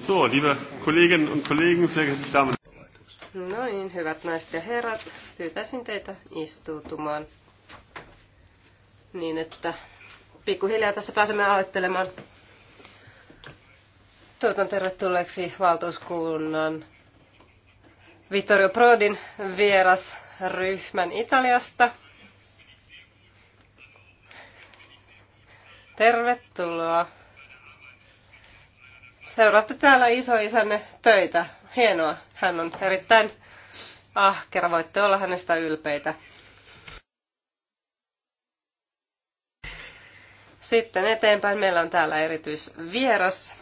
So, liebe Kolleginnen und Kollegen, sehr geehrte Damen. No niin, hyvät naiset ja herrat, pyytäisin teitä istuutumaan niin, että pikkuhiljaa tässä pääsemme aloittelemaan. Tuotan tervetulleeksi valtuuskunnan Vittorio Prodin vierasryhmän Italiasta. Tervetuloa. Seuraatte täällä isoisänne töitä. Hienoa. Hän on erittäin ahkera. Voitte olla hänestä ylpeitä. Sitten eteenpäin meillä on täällä erityisvieras,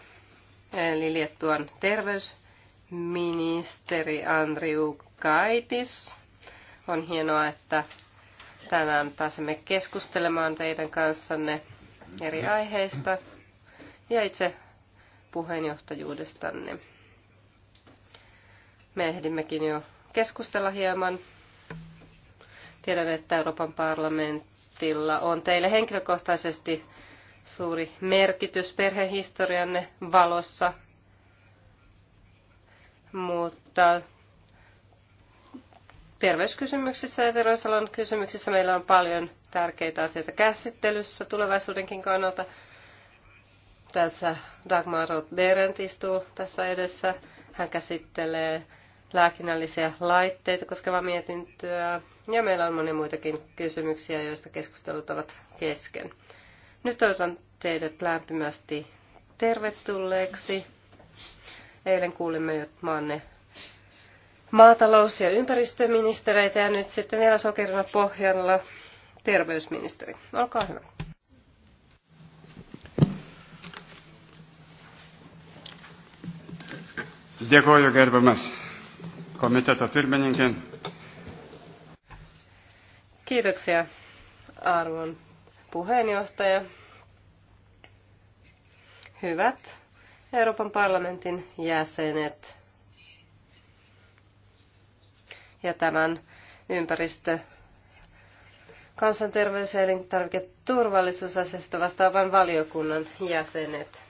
eli Liettuan terveysministeri Andriu Kaitis. On hienoa, että tänään pääsemme keskustelemaan teidän kanssanne eri aiheista. Ja itse puheenjohtajuudestanne. Me ehdimmekin jo keskustella hieman. Tiedän, että Euroopan parlamentilla on teille henkilökohtaisesti suuri merkitys perhehistorianne valossa, mutta terveyskysymyksissä ja terveysalan kysymyksissä meillä on paljon tärkeitä asioita käsittelyssä tulevaisuudenkin kannalta. Tässä Dagmar Roth Berendt istuu tässä edessä. Hän käsittelee lääkinnällisiä laitteita koskevaa mietintöä. Ja meillä on monia muitakin kysymyksiä, joista keskustelut ovat kesken. Nyt toivotan teidät lämpimästi tervetulleeksi. Eilen kuulimme jo maanne maatalous- ja ympäristöministereitä ja nyt sitten vielä sokerina pohjalla terveysministeri. Olkaa hyvä. Dėkoju gerbiamas komiteto pirmininkė. Kiitoksia arvon puheenjohtaja. Hyvät Euroopan parlamentin jäsenet ja tämän ympäristö kansanterveys- ja elintarviketurvallisuusasiasta vastaavan valiokunnan jäsenet.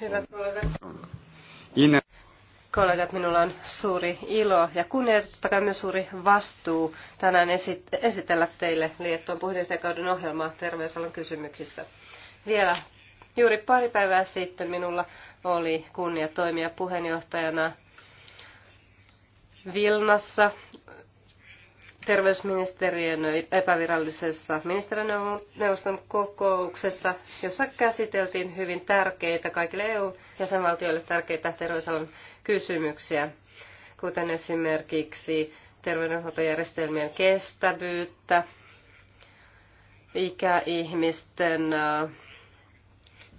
Hyvät kollegat. Kollegat, minulla on suuri ilo ja kai myös suuri vastuu tänään esitellä teille Liettuan puheenjohtajakauden ohjelmaa terveysalan kysymyksissä. Vielä juuri pari päivää sitten minulla oli kunnia toimia puheenjohtajana Vilnassa terveysministeriön epävirallisessa ministerineuvoston kokouksessa, jossa käsiteltiin hyvin tärkeitä, kaikille EU-jäsenvaltioille tärkeitä terveysalan kysymyksiä, kuten esimerkiksi terveydenhuoltojärjestelmien kestävyyttä, ikäihmisten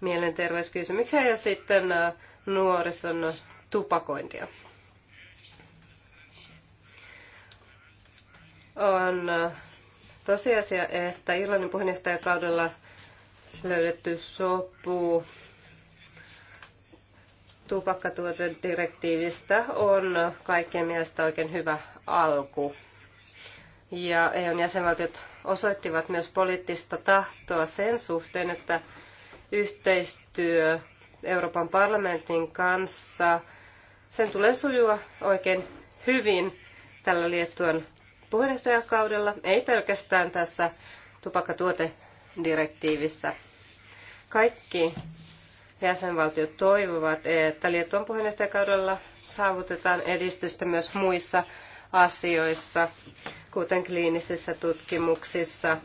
mielenterveyskysymyksiä ja sitten nuorison tupakointia. on äh, tosiasia, että Irlannin puheenjohtajakaudella löydetty sopu tupakkatuotedirektiivistä on kaikkien mielestä oikein hyvä alku. Ja EUn jäsenvaltiot osoittivat myös poliittista tahtoa sen suhteen, että yhteistyö Euroopan parlamentin kanssa, sen tulee sujua oikein hyvin tällä Liettuan puheenjohtajakaudella, ei pelkästään tässä tupakkatuotedirektiivissä. Kaikki jäsenvaltiot toivovat, että Liettuan puheenjohtajakaudella saavutetaan edistystä myös muissa asioissa, kuten kliinisissä tutkimuksissa,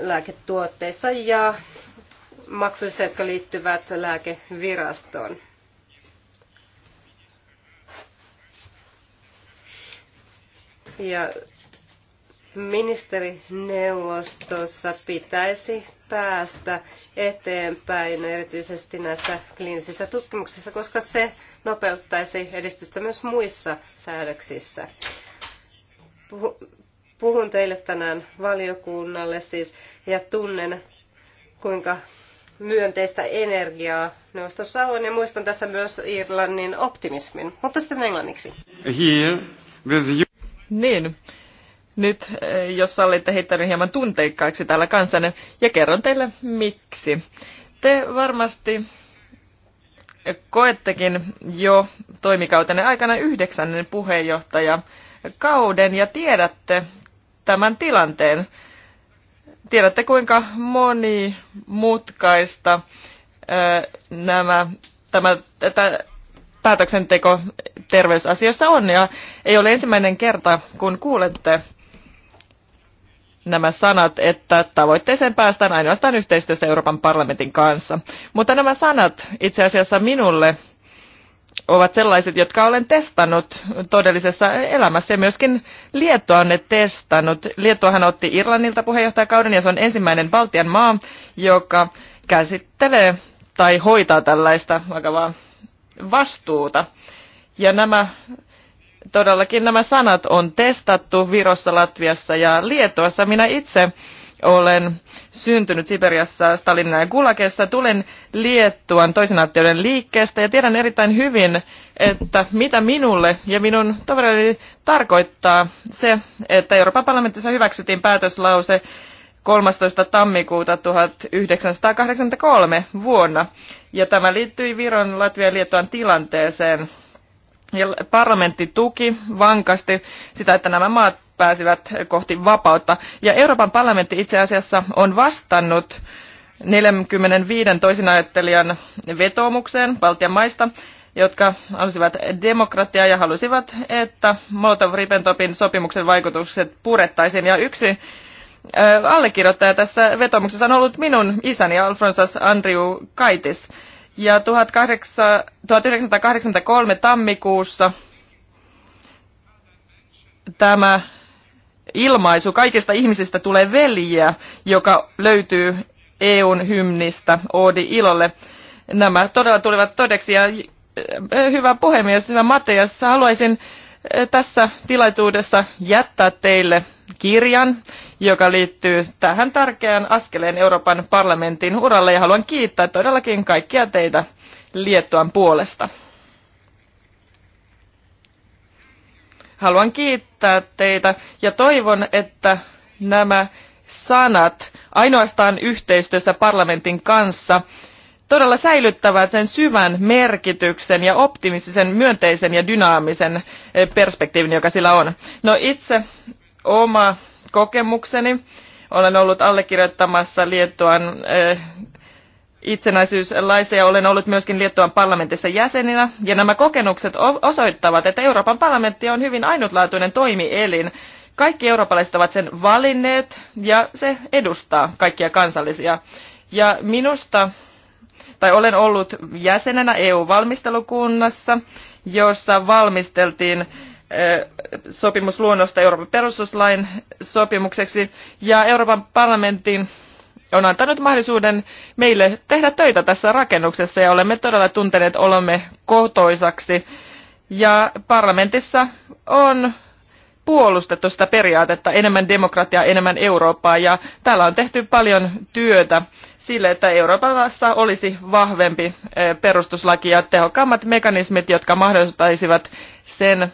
lääketuotteissa ja maksuissa, jotka liittyvät lääkevirastoon. Ja ministerineuvostossa pitäisi päästä eteenpäin erityisesti näissä kliinisissä tutkimuksissa, koska se nopeuttaisi edistystä myös muissa säädöksissä. Puhun teille tänään valiokunnalle siis ja tunnen kuinka myönteistä energiaa neuvostossa on ja muistan tässä myös Irlannin optimismin. Mutta sitten englanniksi. Here, niin, nyt eh, jos sallitte heittänyt hieman tunteikkaaksi täällä kansanne, ja kerron teille miksi. Te varmasti koettekin jo toimikautenne aikana yhdeksännen puheenjohtaja kauden ja tiedätte tämän tilanteen. Tiedätte kuinka monimutkaista eh, nämä, tämä, tämä päätöksenteko terveysasioissa on. Ja ei ole ensimmäinen kerta, kun kuulette nämä sanat, että tavoitteeseen päästään ainoastaan yhteistyössä Euroopan parlamentin kanssa. Mutta nämä sanat itse asiassa minulle ovat sellaiset, jotka olen testannut todellisessa elämässä ja myöskin Liettua on ne testannut. Liettuahan otti Irlannilta puheenjohtajakauden ja se on ensimmäinen Baltian maa, joka käsittelee tai hoitaa tällaista vakavaa vastuuta. Ja nämä, todellakin nämä sanat on testattu Virossa, Latviassa ja Lietuassa. Minä itse olen syntynyt Siberiassa, Stalinin ja Gulagessa. Tulen Liettuan toisen aatteiden liikkeestä ja tiedän erittäin hyvin, että mitä minulle ja minun tovereille tarkoittaa se, että Euroopan parlamentissa hyväksyttiin päätöslause 13. tammikuuta 1983 vuonna. Ja tämä liittyi Viron, Latvian ja Liettuan tilanteeseen parlamentti tuki vankasti sitä, että nämä maat pääsivät kohti vapautta. Ja Euroopan parlamentti itse asiassa on vastannut 45 toisinajattelijan vetoomukseen Baltian maista, jotka halusivat demokratiaa ja halusivat, että Molotov-Ribbentropin sopimuksen vaikutukset purettaisiin. Ja yksi äh, allekirjoittaja tässä vetoomuksessa on ollut minun isäni Alfonsas Andriu Kaitis. Ja 1983 tammikuussa tämä ilmaisu kaikista ihmisistä tulee veljiä, joka löytyy EUn hymnistä Oodi Ilolle. Nämä todella tulivat todeksi ja eh, hyvä puhemies, hyvä Matias, haluaisin tässä tilaisuudessa jättää teille kirjan, joka liittyy tähän tärkeään askeleen Euroopan parlamentin uralle ja haluan kiittää todellakin kaikkia teitä Liettuan puolesta. Haluan kiittää teitä ja toivon, että nämä sanat ainoastaan yhteistyössä parlamentin kanssa todella säilyttävät sen syvän merkityksen ja optimistisen, myönteisen ja dynaamisen eh, perspektiivin, joka sillä on. No itse oma kokemukseni, olen ollut allekirjoittamassa Liettuan eh, itsenäisyyslaisia olen ollut myöskin Liettuan parlamentissa jäsenenä, ja nämä kokemukset osoittavat, että Euroopan parlamentti on hyvin ainutlaatuinen toimielin. Kaikki eurooppalaiset ovat sen valinneet, ja se edustaa kaikkia kansallisia. Ja minusta tai olen ollut jäsenenä EU-valmistelukunnassa, jossa valmisteltiin sopimusluonnosta Euroopan perustuslain sopimukseksi, ja Euroopan parlamentin on antanut mahdollisuuden meille tehdä töitä tässä rakennuksessa, ja olemme todella tunteneet olemme kotoisaksi. Ja parlamentissa on puolustettu sitä periaatetta enemmän demokratiaa, enemmän Eurooppaa ja täällä on tehty paljon työtä sille, että Euroopassa olisi vahvempi eh, perustuslaki ja tehokkaammat mekanismit, jotka mahdollistaisivat sen,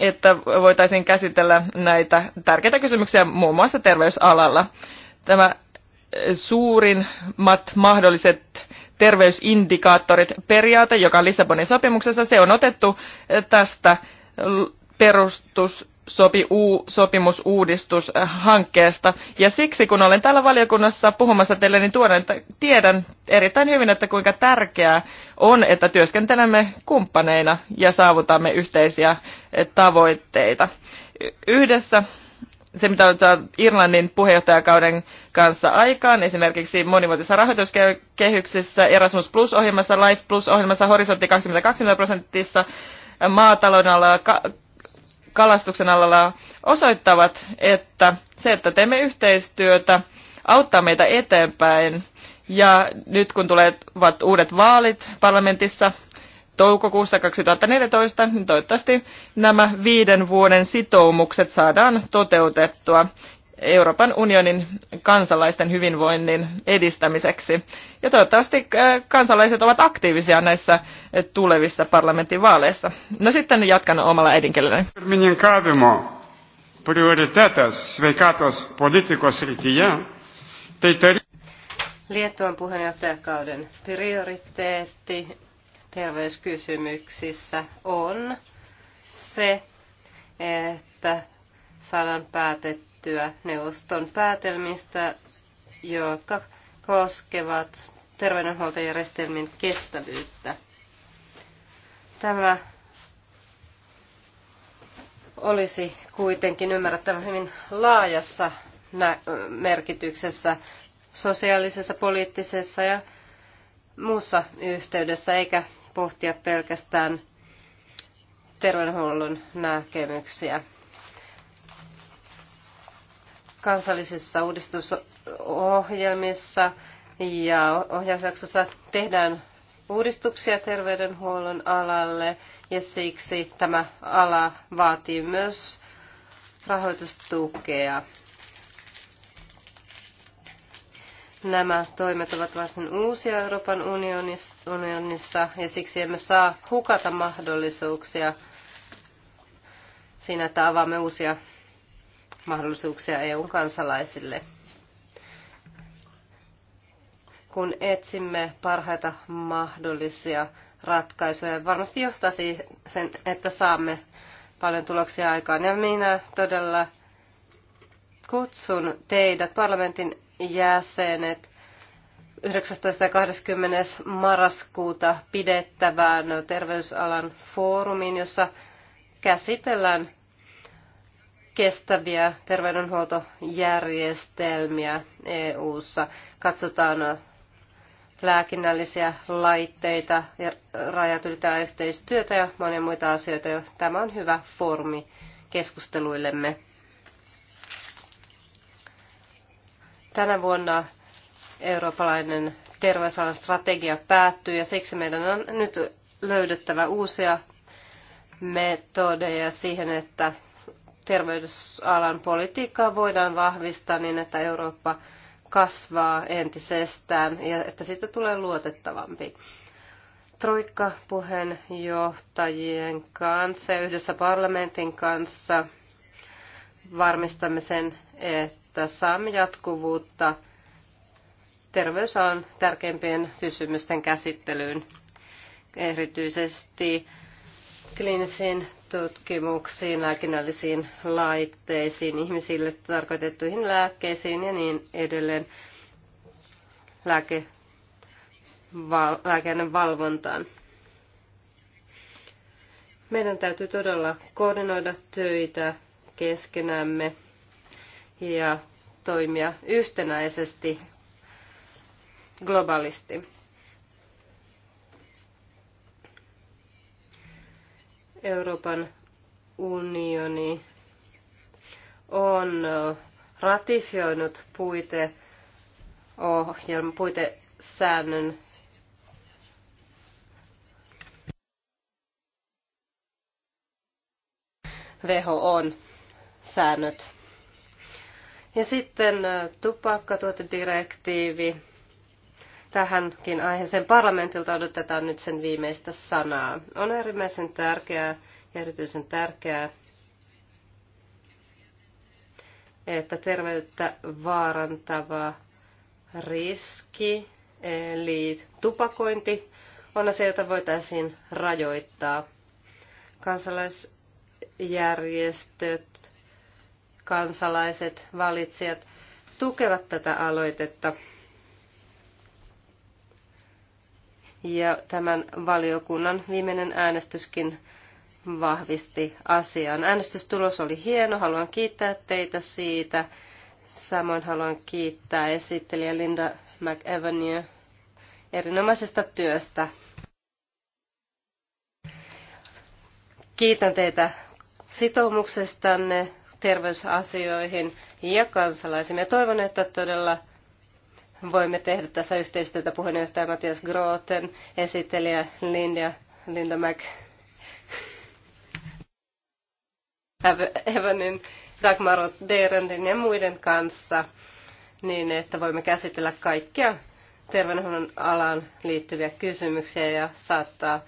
että voitaisiin käsitellä näitä tärkeitä kysymyksiä muun muassa terveysalalla. Tämä eh, suurimmat mahdolliset terveysindikaattorit periaate, joka on Lissabonin sopimuksessa, se on otettu eh, tästä perustus sopi sopimusuudistushankkeesta. Eh, ja siksi, kun olen täällä valiokunnassa puhumassa teille, niin tuon, että tiedän erittäin hyvin, että kuinka tärkeää on, että työskentelemme kumppaneina ja saavutamme yhteisiä eh, tavoitteita. Yhdessä se, mitä on Irlannin puheenjohtajakauden kanssa aikaan, esimerkiksi monivuotisissa rahoituskehyksissä, Erasmus Plus-ohjelmassa, Life Plus-ohjelmassa, Horisontti 2020 prosentissa, eh, maatalouden alalla, kalastuksen alalla osoittavat, että se, että teemme yhteistyötä, auttaa meitä eteenpäin. Ja nyt kun tulevat uudet vaalit parlamentissa toukokuussa 2014, niin toivottavasti nämä viiden vuoden sitoumukset saadaan toteutettua. Euroopan unionin kansalaisten hyvinvoinnin edistämiseksi. Ja toivottavasti äh, kansalaiset ovat aktiivisia näissä äh, tulevissa parlamentin vaaleissa. No sitten jatkan omalla äidinkielelläni. Liettuan puheenjohtajakauden prioriteetti terveyskysymyksissä on se, että saadaan päätetty päättyä neuvoston päätelmistä, jotka koskevat terveydenhuoltojärjestelmien kestävyyttä. Tämä olisi kuitenkin ymmärrettävä hyvin laajassa merkityksessä sosiaalisessa, poliittisessa ja muussa yhteydessä, eikä pohtia pelkästään terveydenhuollon näkemyksiä kansallisissa uudistusohjelmissa ja ohjausjaksossa tehdään uudistuksia terveydenhuollon alalle ja siksi tämä ala vaatii myös rahoitustukea. Nämä toimet ovat varsin uusia Euroopan unionissa ja siksi emme saa hukata mahdollisuuksia siinä, että avaamme uusia mahdollisuuksia EUn kansalaisille. Kun etsimme parhaita mahdollisia ratkaisuja, varmasti johtaa sen, että saamme paljon tuloksia aikaan. Ja minä todella kutsun teidät, parlamentin jäsenet, 19. ja 20. marraskuuta pidettävään terveysalan foorumiin, jossa käsitellään kestäviä terveydenhuoltojärjestelmiä EU:ssa. Katsotaan lääkinnällisiä laitteita, rajat ylittävää yhteistyötä ja monia muita asioita. Tämä on hyvä foorumi keskusteluillemme. Tänä vuonna eurooppalainen terveysalan strategia päättyy ja siksi meidän on nyt löydettävä uusia metodeja siihen, että terveysalan politiikkaa voidaan vahvistaa niin, että Eurooppa kasvaa entisestään ja että siitä tulee luotettavampi. Troikka puheenjohtajien kanssa ja yhdessä parlamentin kanssa varmistamme sen, että saamme jatkuvuutta terveysalan tärkeimpien kysymysten käsittelyyn, erityisesti kliinisiin tutkimuksiin, lääkinnällisiin laitteisiin, ihmisille tarkoitettuihin lääkkeisiin ja niin edelleen lääke, val, valvontaan. Meidän täytyy todella koordinoida töitä keskenämme ja toimia yhtenäisesti globaalisti. Euroopan unioni on ratifioinut puite ohjelma, puitesäännön on säännöt. Ja sitten tupakkatuotedirektiivi tähänkin aiheeseen parlamentilta odotetaan nyt sen viimeistä sanaa. On äärimmäisen tärkeää ja erityisen tärkeää, että terveyttä vaarantava riski, eli tupakointi, on asia, jota voitaisiin rajoittaa. Kansalaisjärjestöt, kansalaiset, valitsijat tukevat tätä aloitetta – ja tämän valiokunnan viimeinen äänestyskin vahvisti asian. Äänestystulos oli hieno, haluan kiittää teitä siitä. Samoin haluan kiittää esittelijä Linda McEvania erinomaisesta työstä. Kiitän teitä sitoumuksestanne terveysasioihin ja kansalaisiin. Ja toivon, että todella voimme tehdä tässä yhteistyötä puheenjohtaja Matias Groten, esittelijä Linda, Linda Mac, Evanin, Dagmar Derendin ja muiden kanssa, niin että voimme käsitellä kaikkia terveydenhuollon alaan liittyviä kysymyksiä ja saattaa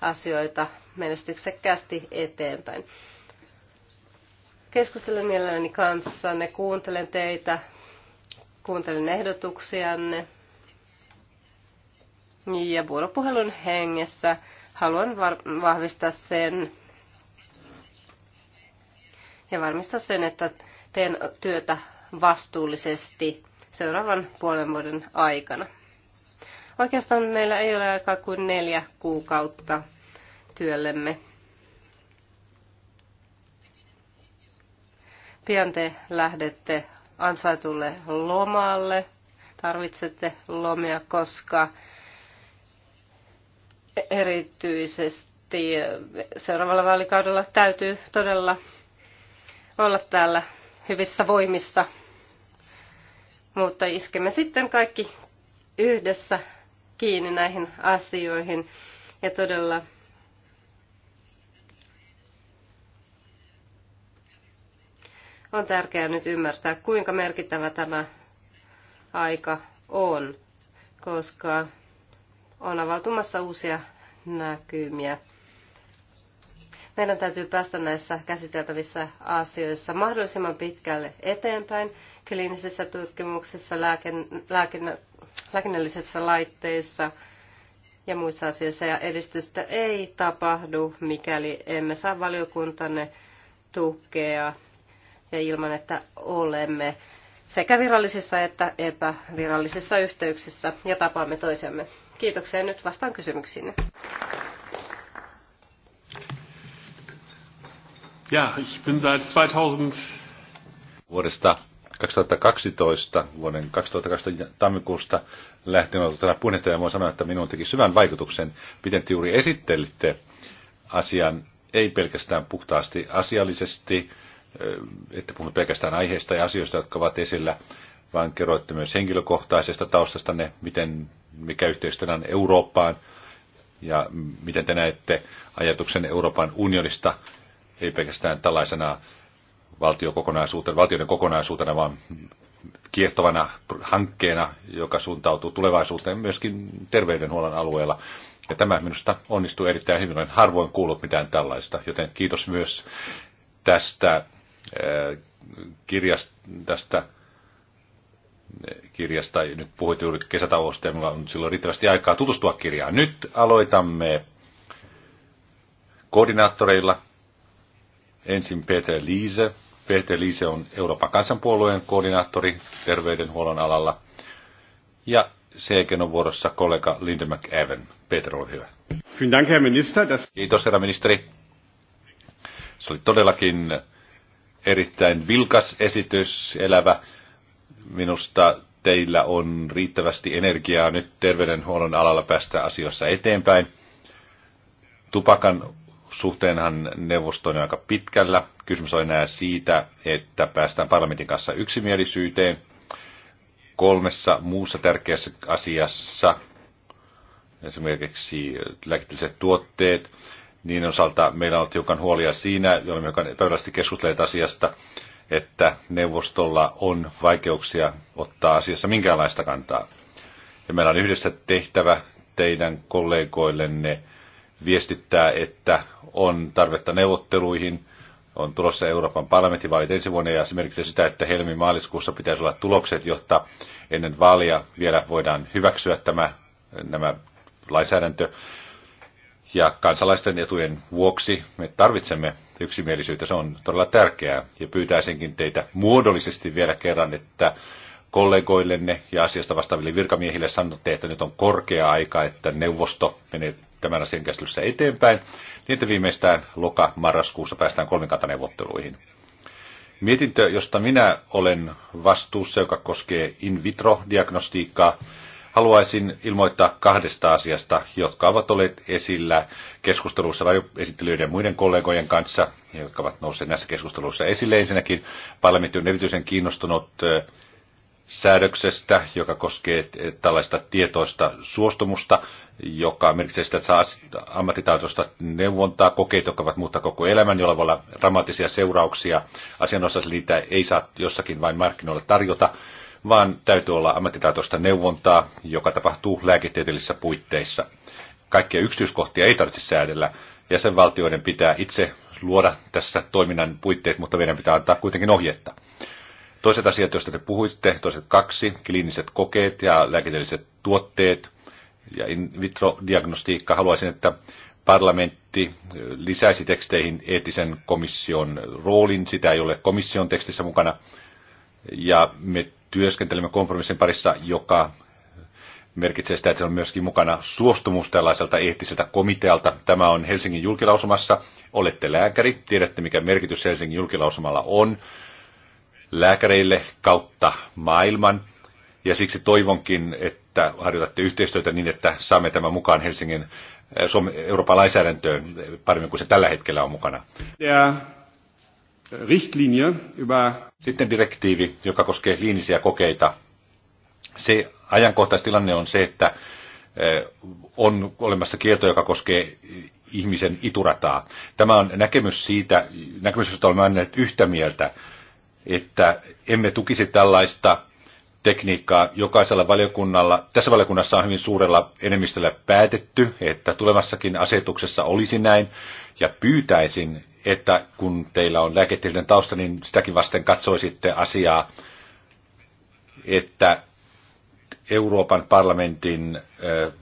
asioita menestyksekkäästi eteenpäin. Keskustelen mielelläni kanssanne, kuuntelen teitä, kuuntelin ehdotuksianne. Ja vuoropuhelun hengessä haluan vahvistaa sen ja varmistaa sen, että teen työtä vastuullisesti seuraavan puolen vuoden aikana. Oikeastaan meillä ei ole aikaa kuin neljä kuukautta työllemme. Pian te lähdette ansaitulle lomalle. Tarvitsette lomia, koska erityisesti seuraavalla vaalikaudella täytyy todella olla täällä hyvissä voimissa. Mutta iskemme sitten kaikki yhdessä kiinni näihin asioihin ja todella On tärkeää nyt ymmärtää, kuinka merkittävä tämä aika on, koska on avautumassa uusia näkymiä. Meidän täytyy päästä näissä käsiteltävissä asioissa mahdollisimman pitkälle eteenpäin kliinisissä tutkimuksissa, lääke, lääkinnä, lääkinnällisissä laitteissa ja muissa asioissa. Ja edistystä ei tapahdu, mikäli emme saa valiokuntanne tukea ja ilman, että olemme sekä virallisissa että epävirallisissa yhteyksissä ja tapaamme toisemme. Kiitoksia nyt vastaan kysymyksiinne. Ja, ich bin seit 2000 vuodesta 2012, vuoden 2012 tammikuusta lähtien ollut täällä puheenjohtaja, ja voin sanoa, että minun teki syvän vaikutuksen, miten te juuri esittelitte asian, ei pelkästään puhtaasti asiallisesti, että puhumme pelkästään aiheista ja asioista, jotka ovat esillä, vaan kerroitte myös henkilökohtaisesta taustastanne, miten, mikä yhteistyö on Eurooppaan ja miten te näette ajatuksen Euroopan unionista, ei pelkästään tällaisena valtiokokonaisuutena, valtioiden kokonaisuutena, vaan kiehtovana hankkeena, joka suuntautuu tulevaisuuteen myöskin terveydenhuollon alueella. Ja tämä minusta onnistuu erittäin hyvin. Olen harvoin kuullut mitään tällaista, joten kiitos myös tästä Äh, äh, kirjasta, tästä kirjasta. Nyt puhuit juuri kesätauosta ja minulla on silloin riittävästi aikaa tutustua kirjaan. Nyt aloitamme koordinaattoreilla. Ensin Peter Liise. Peter Liise on Euroopan kansanpuolueen koordinaattori terveydenhuollon alalla. Ja sen on vuorossa kollega Linda McEwen. Peter, ole hyvä. Kiitos, herra ministeri. Se oli todellakin erittäin vilkas esitys, elävä. Minusta teillä on riittävästi energiaa nyt terveydenhuollon alalla päästä asioissa eteenpäin. Tupakan suhteenhan neuvosto on aika pitkällä. Kysymys on enää siitä, että päästään parlamentin kanssa yksimielisyyteen. Kolmessa muussa tärkeässä asiassa, esimerkiksi lääketieteelliset tuotteet, niin osalta meillä on tiukan huolia siinä, jolloin me epävirallisesti keskustelleet asiasta, että neuvostolla on vaikeuksia ottaa asiassa minkäänlaista kantaa. Ja meillä on yhdessä tehtävä teidän kollegoillenne viestittää, että on tarvetta neuvotteluihin, on tulossa Euroopan parlamentin vaalit ensi vuonna ja esimerkiksi sitä, että helmi-maaliskuussa pitäisi olla tulokset, jotta ennen vaalia vielä voidaan hyväksyä tämä, nämä lainsäädäntö. Ja kansalaisten etujen vuoksi me tarvitsemme yksimielisyyttä, se on todella tärkeää. Ja pyytäisinkin teitä muodollisesti vielä kerran, että kollegoillenne ja asiasta vastaaville virkamiehille sanotte, että nyt on korkea aika, että neuvosto menee tämän asian käsittelyssä eteenpäin, niin että viimeistään loka-marraskuussa päästään kolmikantaneuvotteluihin. Mietintö, josta minä olen vastuussa, joka koskee in vitro-diagnostiikkaa, Haluaisin ilmoittaa kahdesta asiasta, jotka ovat olleet esillä keskustelussa esittelyiden ja muiden kollegojen kanssa, jotka ovat nousseet näissä keskusteluissa esille. Ensinnäkin parlamentti on erityisen kiinnostunut säädöksestä, joka koskee tällaista tietoista suostumusta, joka merkitsee sitä, että saa ammattitaitoista neuvontaa, kokeita, jotka ovat muuttaa koko elämän, jolla voi olla dramaattisia seurauksia. Asianosaisille niitä ei saa jossakin vain markkinoilla tarjota vaan täytyy olla ammattitaitoista neuvontaa, joka tapahtuu lääketieteellisissä puitteissa. Kaikkia yksityiskohtia ei tarvitse säädellä. Jäsenvaltioiden pitää itse luoda tässä toiminnan puitteet, mutta meidän pitää antaa kuitenkin ohjetta. Toiset asiat, joista te puhuitte, toiset kaksi, kliiniset kokeet ja lääketieteelliset tuotteet ja in vitro-diagnostiikka. Haluaisin, että parlamentti lisäisi teksteihin eettisen komission roolin. Sitä ei ole komission tekstissä mukana. Ja me työskentelemme kompromissin parissa, joka merkitsee sitä, että se on myöskin mukana suostumus tällaiselta eettiseltä komitealta. Tämä on Helsingin julkilausumassa. Olette lääkäri, tiedätte mikä merkitys Helsingin julkilausumalla on lääkäreille kautta maailman. Ja siksi toivonkin, että harjoitatte yhteistyötä niin, että saamme tämän mukaan Helsingin Suomen, Euroopan lainsäädäntöön paremmin kuin se tällä hetkellä on mukana. Yeah. Richtlinie über... Sitten direktiivi, joka koskee kliinisiä kokeita. Se ajankohtaistilanne on se, että e, on olemassa kielto, joka koskee ihmisen iturataa. Tämä on näkemys siitä, näkemys, josta olemme anneet yhtä mieltä, että emme tukisi tällaista tekniikkaa jokaisella valiokunnalla. Tässä valiokunnassa on hyvin suurella enemmistöllä päätetty, että tulevassakin asetuksessa olisi näin, ja pyytäisin, että kun teillä on lääketieteellinen tausta, niin sitäkin vasten katsoisitte asiaa, että Euroopan parlamentin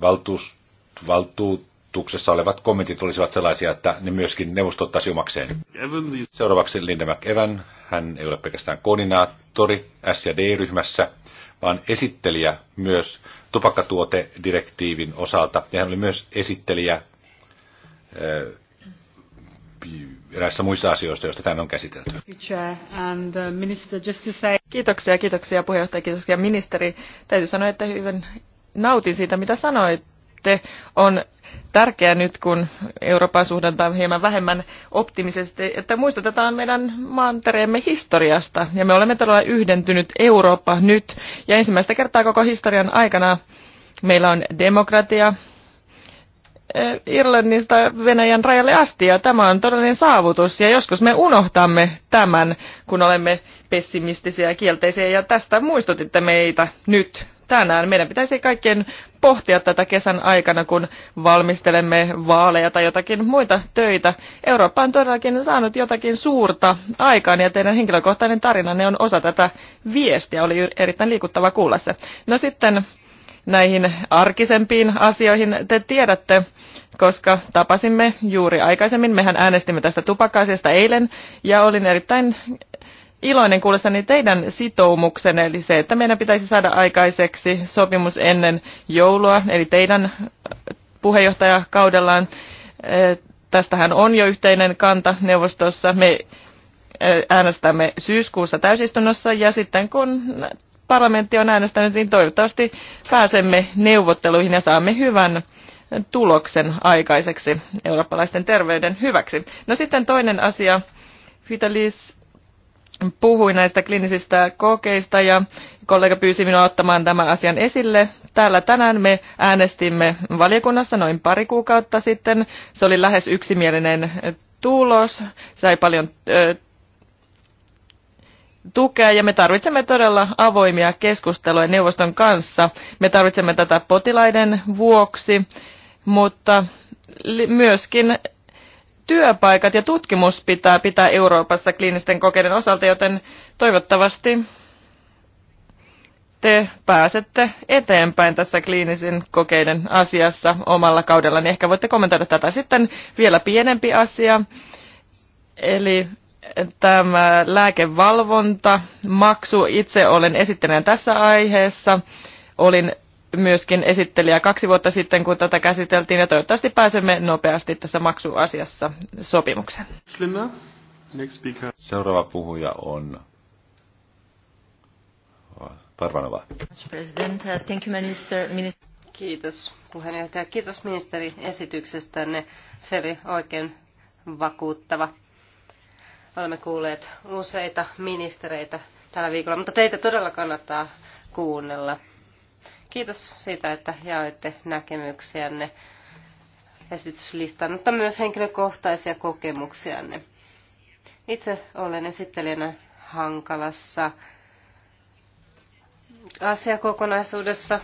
valtuus, valtuutuksessa olevat kommentit olisivat sellaisia, että ne myöskin neuvosto ottaisi omakseen. Seuraavaksi Linda McEvan. Hän ei ole pelkästään koordinaattori sd D-ryhmässä, vaan esittelijä myös tupakkatuotedirektiivin osalta. Ja hän oli myös esittelijä eräissä muissa asioista, joista tämän on käsitelty. Uh, kiitoksia, kiitoksia puheenjohtaja, kiitoksia ministeri. Täytyy sanoa, että hyvin nautin siitä, mitä sanoitte. On tärkeää nyt, kun Euroopan suhdanta on hieman vähemmän optimisesti, että muistutetaan meidän maantereemme historiasta. Ja me olemme todella yhdentynyt Eurooppa nyt. Ja ensimmäistä kertaa koko historian aikana meillä on demokratia, Irlannista Venäjän rajalle asti ja tämä on todellinen saavutus ja joskus me unohtamme tämän, kun olemme pessimistisiä ja kielteisiä ja tästä muistutitte meitä nyt tänään. Meidän pitäisi kaikkien pohtia tätä kesän aikana, kun valmistelemme vaaleja tai jotakin muita töitä. Eurooppa on todellakin saanut jotakin suurta aikaan ja teidän henkilökohtainen tarinanne on osa tätä viestiä. Oli erittäin liikuttava kuulla se. No sitten näihin arkisempiin asioihin. Te tiedätte, koska tapasimme juuri aikaisemmin. Mehän äänestimme tästä tupakka eilen ja olin erittäin iloinen kuullessani teidän sitoumuksen, eli se, että meidän pitäisi saada aikaiseksi sopimus ennen joulua, eli teidän äh, puheenjohtajakaudellaan. Äh, tästähän on jo yhteinen kanta neuvostossa. Me äh, äänestämme syyskuussa täysistunnossa ja sitten kun parlamentti on äänestänyt, niin toivottavasti pääsemme neuvotteluihin ja saamme hyvän tuloksen aikaiseksi eurooppalaisten terveyden hyväksi. No sitten toinen asia. Vitalis puhui näistä kliinisistä kokeista ja kollega pyysi minua ottamaan tämän asian esille. Täällä tänään me äänestimme valiokunnassa noin pari kuukautta sitten. Se oli lähes yksimielinen tulos, sai paljon tukea ja me tarvitsemme todella avoimia keskusteluja neuvoston kanssa. Me tarvitsemme tätä potilaiden vuoksi, mutta myöskin työpaikat ja tutkimus pitää pitää Euroopassa kliinisten kokeiden osalta, joten toivottavasti te pääsette eteenpäin tässä kliinisen kokeiden asiassa omalla kaudella, niin ehkä voitte kommentoida tätä. Sitten vielä pienempi asia, eli tämä lääkevalvonta, maksu. Itse olen esittelijä tässä aiheessa. Olin myöskin esittelijä kaksi vuotta sitten, kun tätä käsiteltiin, ja toivottavasti pääsemme nopeasti tässä maksuasiassa sopimukseen. Seuraava puhuja on Parvanova. Uh, Kiitos puheenjohtaja. Kiitos ministeri esityksestänne. Se oli oikein vakuuttava. Olemme kuulleet useita ministereitä tällä viikolla, mutta teitä todella kannattaa kuunnella. Kiitos siitä, että jaoitte näkemyksiänne esityslistan, mutta myös henkilökohtaisia kokemuksianne. Itse olen esittelijänä hankalassa asiakokonaisuudessa.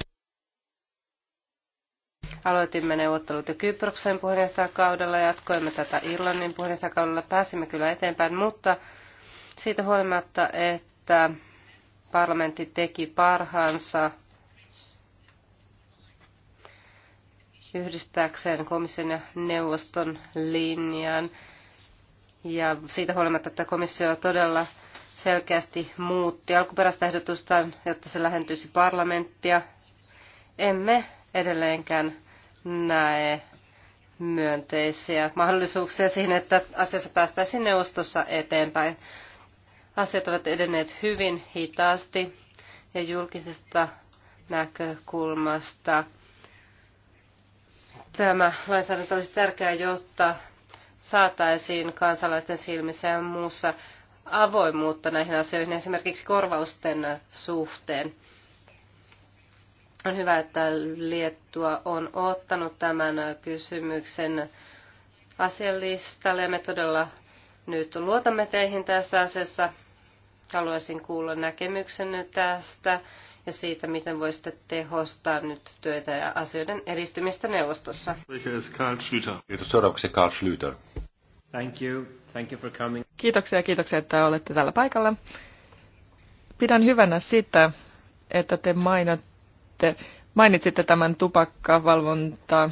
Aloitimme neuvottelut jo Kyproksen puheenjohtajakaudella, jatkoimme tätä Irlannin puheenjohtajakaudella, pääsimme kyllä eteenpäin, mutta siitä huolimatta, että parlamentti teki parhaansa yhdistääkseen komission ja neuvoston linjan. Ja siitä huolimatta, että komissio todella selkeästi muutti alkuperäistä ehdotustaan, jotta se lähentyisi parlamenttia, emme edelleenkään näe myönteisiä mahdollisuuksia siihen, että asiassa päästäisiin neuvostossa eteenpäin. Asiat ovat edenneet hyvin hitaasti ja julkisesta näkökulmasta. Tämä lainsäädäntö olisi tärkeää, jotta saataisiin kansalaisten silmissä ja muussa avoimuutta näihin asioihin, esimerkiksi korvausten suhteen. On hyvä, että Liettua on ottanut tämän kysymyksen asialistalle ja me todella nyt luotamme teihin tässä asiassa. Haluaisin kuulla näkemyksenne tästä ja siitä, miten voisitte tehostaa nyt työtä ja asioiden edistymistä neuvostossa. Kiitos seuraavaksi Karl Schlüter. Thank you. Thank you for coming. Kiitoksia, kiitoksia, että olette täällä paikalla. Pidän hyvänä sitä, että te mainot, mainitsitte, mainitsitte tämän tupakkavalvonta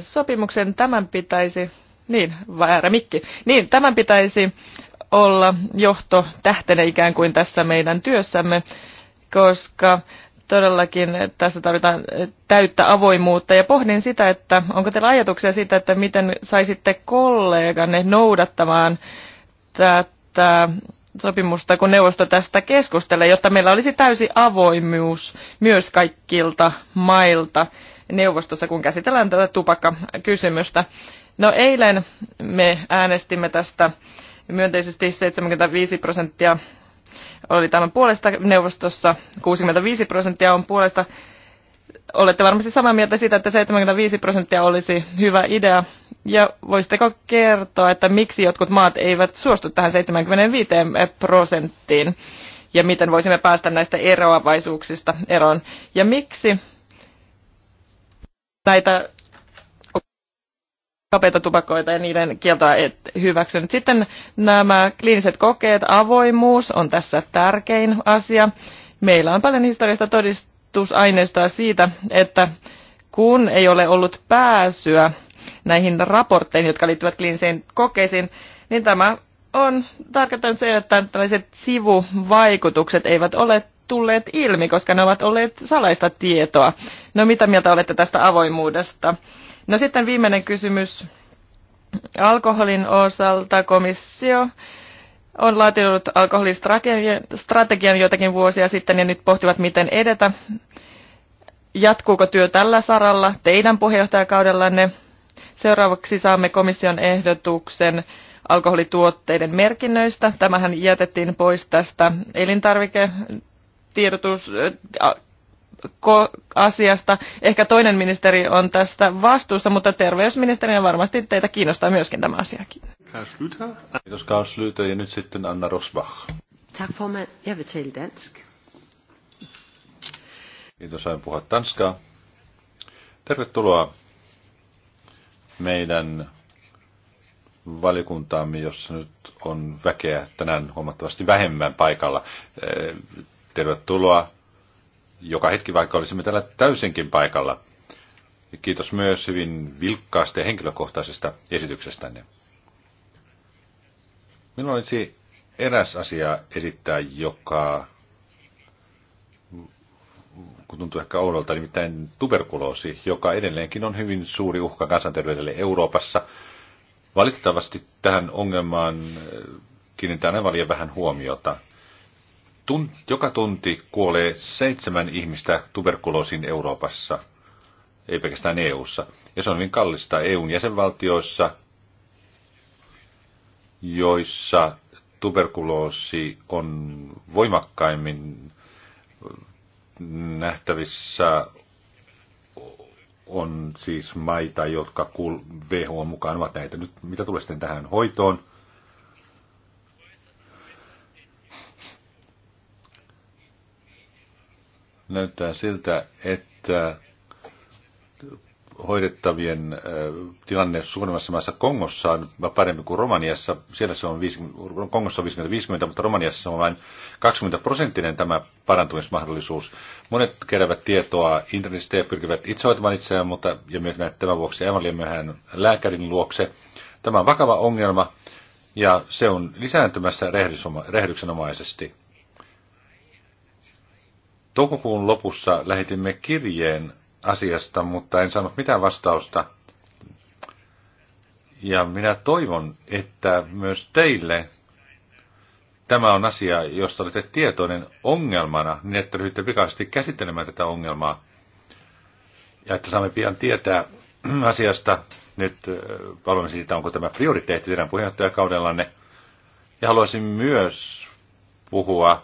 sopimuksen. Tämän pitäisi, niin väärä mikki, niin tämän pitäisi olla johto tähtenä ikään kuin tässä meidän työssämme, koska todellakin tässä tarvitaan täyttä avoimuutta. Ja pohdin sitä, että onko teillä ajatuksia siitä, että miten saisitte kolleganne noudattamaan tätä sopimusta, kun neuvosto tästä keskustelee, jotta meillä olisi täysi avoimuus myös kaikilta mailta neuvostossa, kun käsitellään tätä tupakkakysymystä. No eilen me äänestimme tästä myönteisesti 75 prosenttia oli tämän puolesta neuvostossa, 65 prosenttia on puolesta olette varmasti samaa mieltä siitä, että 75 prosenttia olisi hyvä idea. Ja voisitteko kertoa, että miksi jotkut maat eivät suostu tähän 75 prosenttiin ja miten voisimme päästä näistä eroavaisuuksista eroon? Ja miksi näitä kapeita tupakoita ja niiden kieltoa et hyväksynyt. Sitten nämä kliiniset kokeet, avoimuus on tässä tärkein asia. Meillä on paljon historiasta todist- todistusaineistoa aineistaa siitä, että kun ei ole ollut pääsyä näihin raportteihin, jotka liittyvät kliinisiin kokeisiin, niin tämä on tarkoittanut se, että tällaiset sivuvaikutukset eivät ole tulleet ilmi, koska ne ovat olleet salaista tietoa. No mitä mieltä olette tästä avoimuudesta? No sitten viimeinen kysymys alkoholin osalta komissio on laatinut alkoholistrategian joitakin vuosia sitten ja nyt pohtivat, miten edetä. Jatkuuko työ tällä saralla teidän puheenjohtajakaudellanne? Seuraavaksi saamme komission ehdotuksen alkoholituotteiden merkinnöistä. Tämähän jätettiin pois tästä elintarviketiedotus asiasta. Ehkä toinen ministeri on tästä vastuussa, mutta terveysministerinä varmasti teitä kiinnostaa myöskin tämä asiakin. Kiitos Klaus ja nyt sitten Anna Rosbach. Tack formen. Jag dansk. Kiitos, sain puhua tanskaa. Tervetuloa meidän valikuntaamme, jossa nyt on väkeä tänään huomattavasti vähemmän paikalla. Eh, tervetuloa joka hetki, vaikka olisimme täällä täysinkin paikalla. kiitos myös hyvin vilkkaasta ja henkilökohtaisesta esityksestänne. Minulla olisi eräs asia esittää, joka kun tuntuu ehkä oudolta, nimittäin tuberkuloosi, joka edelleenkin on hyvin suuri uhka kansanterveydelle Euroopassa. Valitettavasti tähän ongelmaan eh, kiinnitetään aivan liian vähän huomiota. Tunt, joka tunti kuolee seitsemän ihmistä tuberkuloosin Euroopassa, ei pelkästään EU:ssa. Ja se on hyvin kallista EUn jäsenvaltioissa, joissa tuberkuloosi on voimakkaimmin nähtävissä on siis maita, jotka WHO mukaan ovat näitä. Nyt mitä tulee sitten tähän hoitoon, näyttää siltä, että hoidettavien äh, tilanne suurimmassa maassa Kongossa on parempi kuin Romaniassa. Siellä se on 50, Kongossa on 50-50, mutta Romaniassa on vain 20 prosenttinen tämä parantumismahdollisuus. Monet keräävät tietoa internetistä ja pyrkivät itse hoitamaan itseään, mutta ja myös näet tämän vuoksi aivan liian myöhään lääkärin luokse. Tämä on vakava ongelma ja se on lisääntymässä rehdyksenomaisesti. Toukokuun lopussa lähetimme kirjeen asiasta, mutta en saanut mitään vastausta. Ja minä toivon, että myös teille tämä on asia, josta olette tietoinen ongelmana, niin että ryhdytte pikaisesti käsittelemään tätä ongelmaa. Ja että saamme pian tietää asiasta nyt valvomme siitä, onko tämä prioriteetti teidän puheenjohtajakaudellanne. Ja haluaisin myös puhua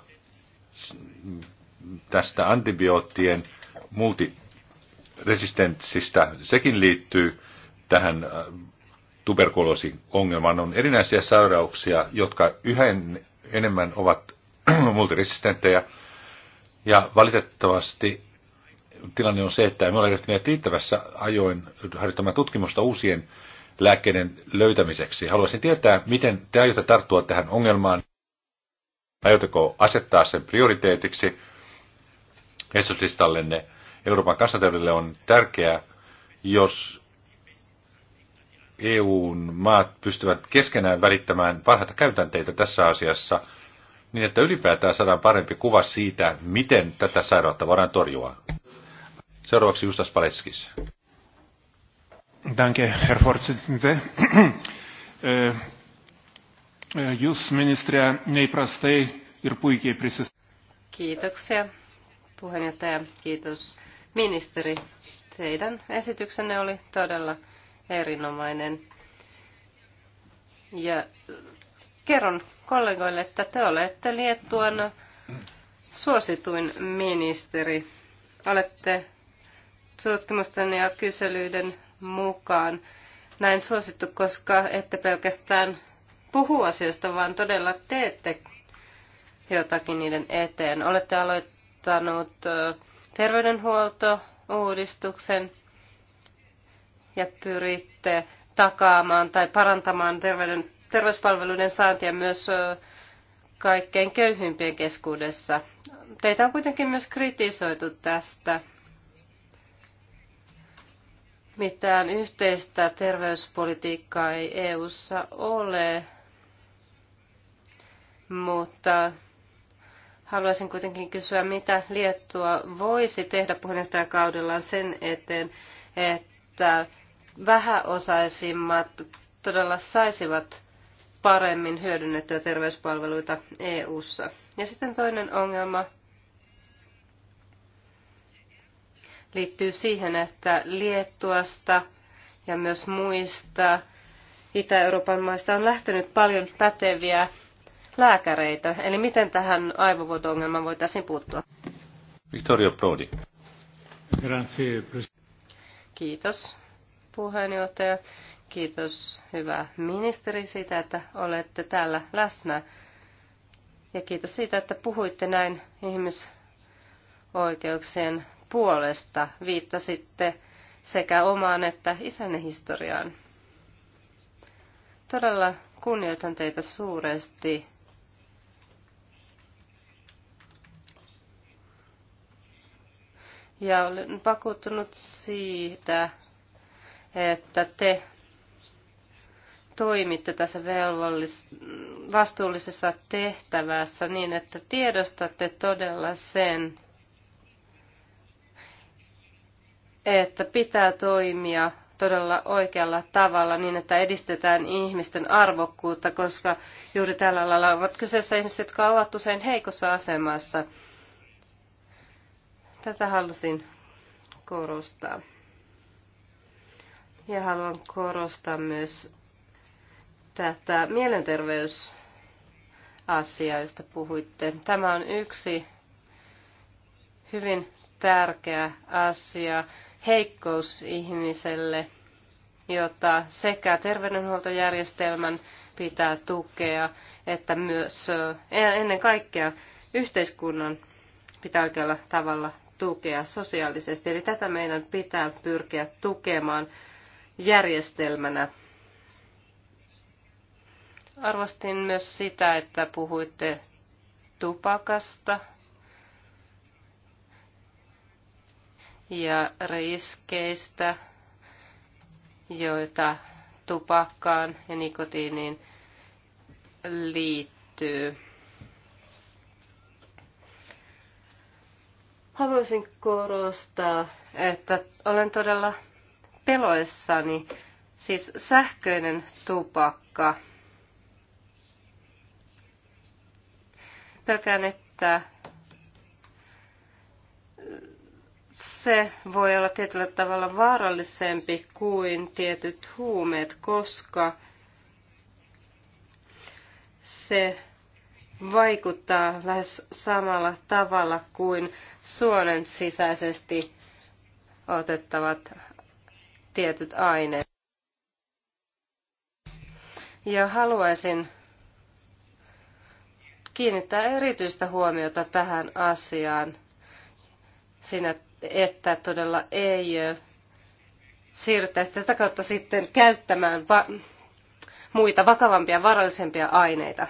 tästä antibioottien multiresistenssistä, sekin liittyy tähän äh, tuberkuloosiongelmaan. On erinäisiä sairauksia, jotka yhä enemmän ovat multiresistenttejä. Ja valitettavasti tilanne on se, että me olemme nyt riittävässä ajoin harjoittamaan tutkimusta uusien lääkkeiden löytämiseksi. Haluaisin tietää, miten te aiotte tarttua tähän ongelmaan. Aiotteko asettaa sen prioriteetiksi esitystallenne Euroopan kansantaloudelle on tärkeää, jos EUn maat pystyvät keskenään välittämään parhaita käytänteitä tässä asiassa, niin että ylipäätään saadaan parempi kuva siitä, miten tätä sairautta voidaan torjua. Seuraavaksi Justas Paleskis. Danke, Herr Vorsitzende. Äh, äh, Jus, ministeriä, neįprastai ir puikiai prisistatėte. Kiitoksia, puheenjohtaja. Kiitos ministeri. Teidän esityksenne oli todella erinomainen. Ja kerron kollegoille, että te olette Liettuan suosituin ministeri. Olette tutkimusten ja kyselyiden mukaan näin suosittu, koska ette pelkästään puhu asioista, vaan todella teette jotakin niiden eteen. Olette aloittaneet aloittanut terveydenhuoltouudistuksen ja pyritte takaamaan tai parantamaan terveyden, terveyspalveluiden saantia myös kaikkein köyhimpien keskuudessa. Teitä on kuitenkin myös kritisoitu tästä. Mitään yhteistä terveyspolitiikkaa ei EU:ssa ole, mutta Haluaisin kuitenkin kysyä, mitä Liettua voisi tehdä puheenjohtajakaudellaan sen eteen, että vähäosaisimmat todella saisivat paremmin hyödynnettyä terveyspalveluita EU:ssa. Ja sitten toinen ongelma liittyy siihen, että Liettuasta ja myös muista Itä-Euroopan maista on lähtenyt paljon päteviä lääkäreitä. Eli miten tähän aivovuoto-ongelmaan voitaisiin puuttua? Victoria Prodi. Kiitos puheenjohtaja. Kiitos hyvä ministeri siitä, että olette täällä läsnä. Ja kiitos siitä, että puhuitte näin ihmisoikeuksien puolesta. Viittasitte sekä omaan että isänne historiaan. Todella kunnioitan teitä suuresti Ja olen vakuuttunut siitä, että te toimitte tässä velvollis- vastuullisessa tehtävässä niin, että tiedostatte todella sen, että pitää toimia todella oikealla tavalla niin, että edistetään ihmisten arvokkuutta, koska juuri tällä lailla ovat kyseessä ihmiset, jotka ovat usein heikossa asemassa. Tätä halusin korostaa. Ja haluan korostaa myös tätä mielenterveysasiaa, josta puhuitte. Tämä on yksi hyvin tärkeä asia, heikkous ihmiselle, jota sekä terveydenhuoltojärjestelmän pitää tukea, että myös eh, ennen kaikkea yhteiskunnan pitää oikealla tavalla tukea sosiaalisesti. Eli tätä meidän pitää pyrkiä tukemaan järjestelmänä. Arvostin myös sitä, että puhuitte tupakasta ja riskeistä, joita tupakkaan ja nikotiiniin liittyy. Haluaisin korostaa, että olen todella peloissani. Siis sähköinen tupakka. Pelkään, että se voi olla tietyllä tavalla vaarallisempi kuin tietyt huumeet, koska se vaikuttaa lähes samalla tavalla kuin suolen sisäisesti otettavat tietyt aineet. Ja haluaisin kiinnittää erityistä huomiota tähän asiaan siinä, että todella ei siirryttäisi tätä kautta sitten käyttämään va- muita vakavampia, vaarallisempia aineita.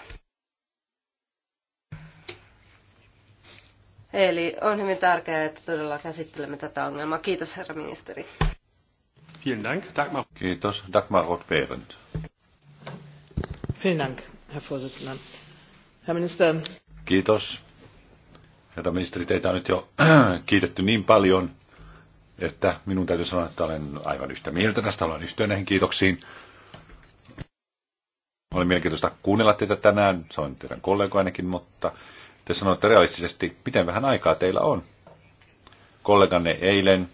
Eli on hyvin tärkeää, että todella käsittelemme tätä ongelmaa. Kiitos herra ministeri. Vielen Dank. Dagmar. Kiitos. Dagmar roth Vielen Dank, Herr Vorsitzender. Herr Minister. Kiitos. Herra ministeri, teitä on nyt jo kiitetty niin paljon, että minun täytyy sanoa, että olen aivan yhtä mieltä tästä, olen yhtyä näihin kiitoksiin. Oli mielenkiintoista kuunnella teitä tänään, se on teidän kollegoinakin, mutta te sanoitte realistisesti, miten vähän aikaa teillä on. Kolleganne eilen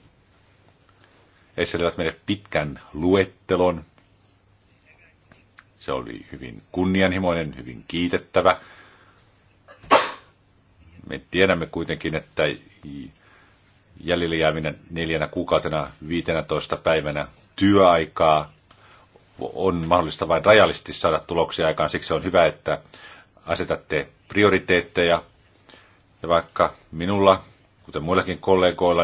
esittelivät meille pitkän luettelon. Se oli hyvin kunnianhimoinen, hyvin kiitettävä. Me tiedämme kuitenkin, että jäljellä jääminen neljänä kuukautena 15 päivänä työaikaa on mahdollista vain rajallisesti saada tuloksia aikaan. Siksi on hyvä, että asetatte prioriteetteja. Ja vaikka minulla, kuten muillakin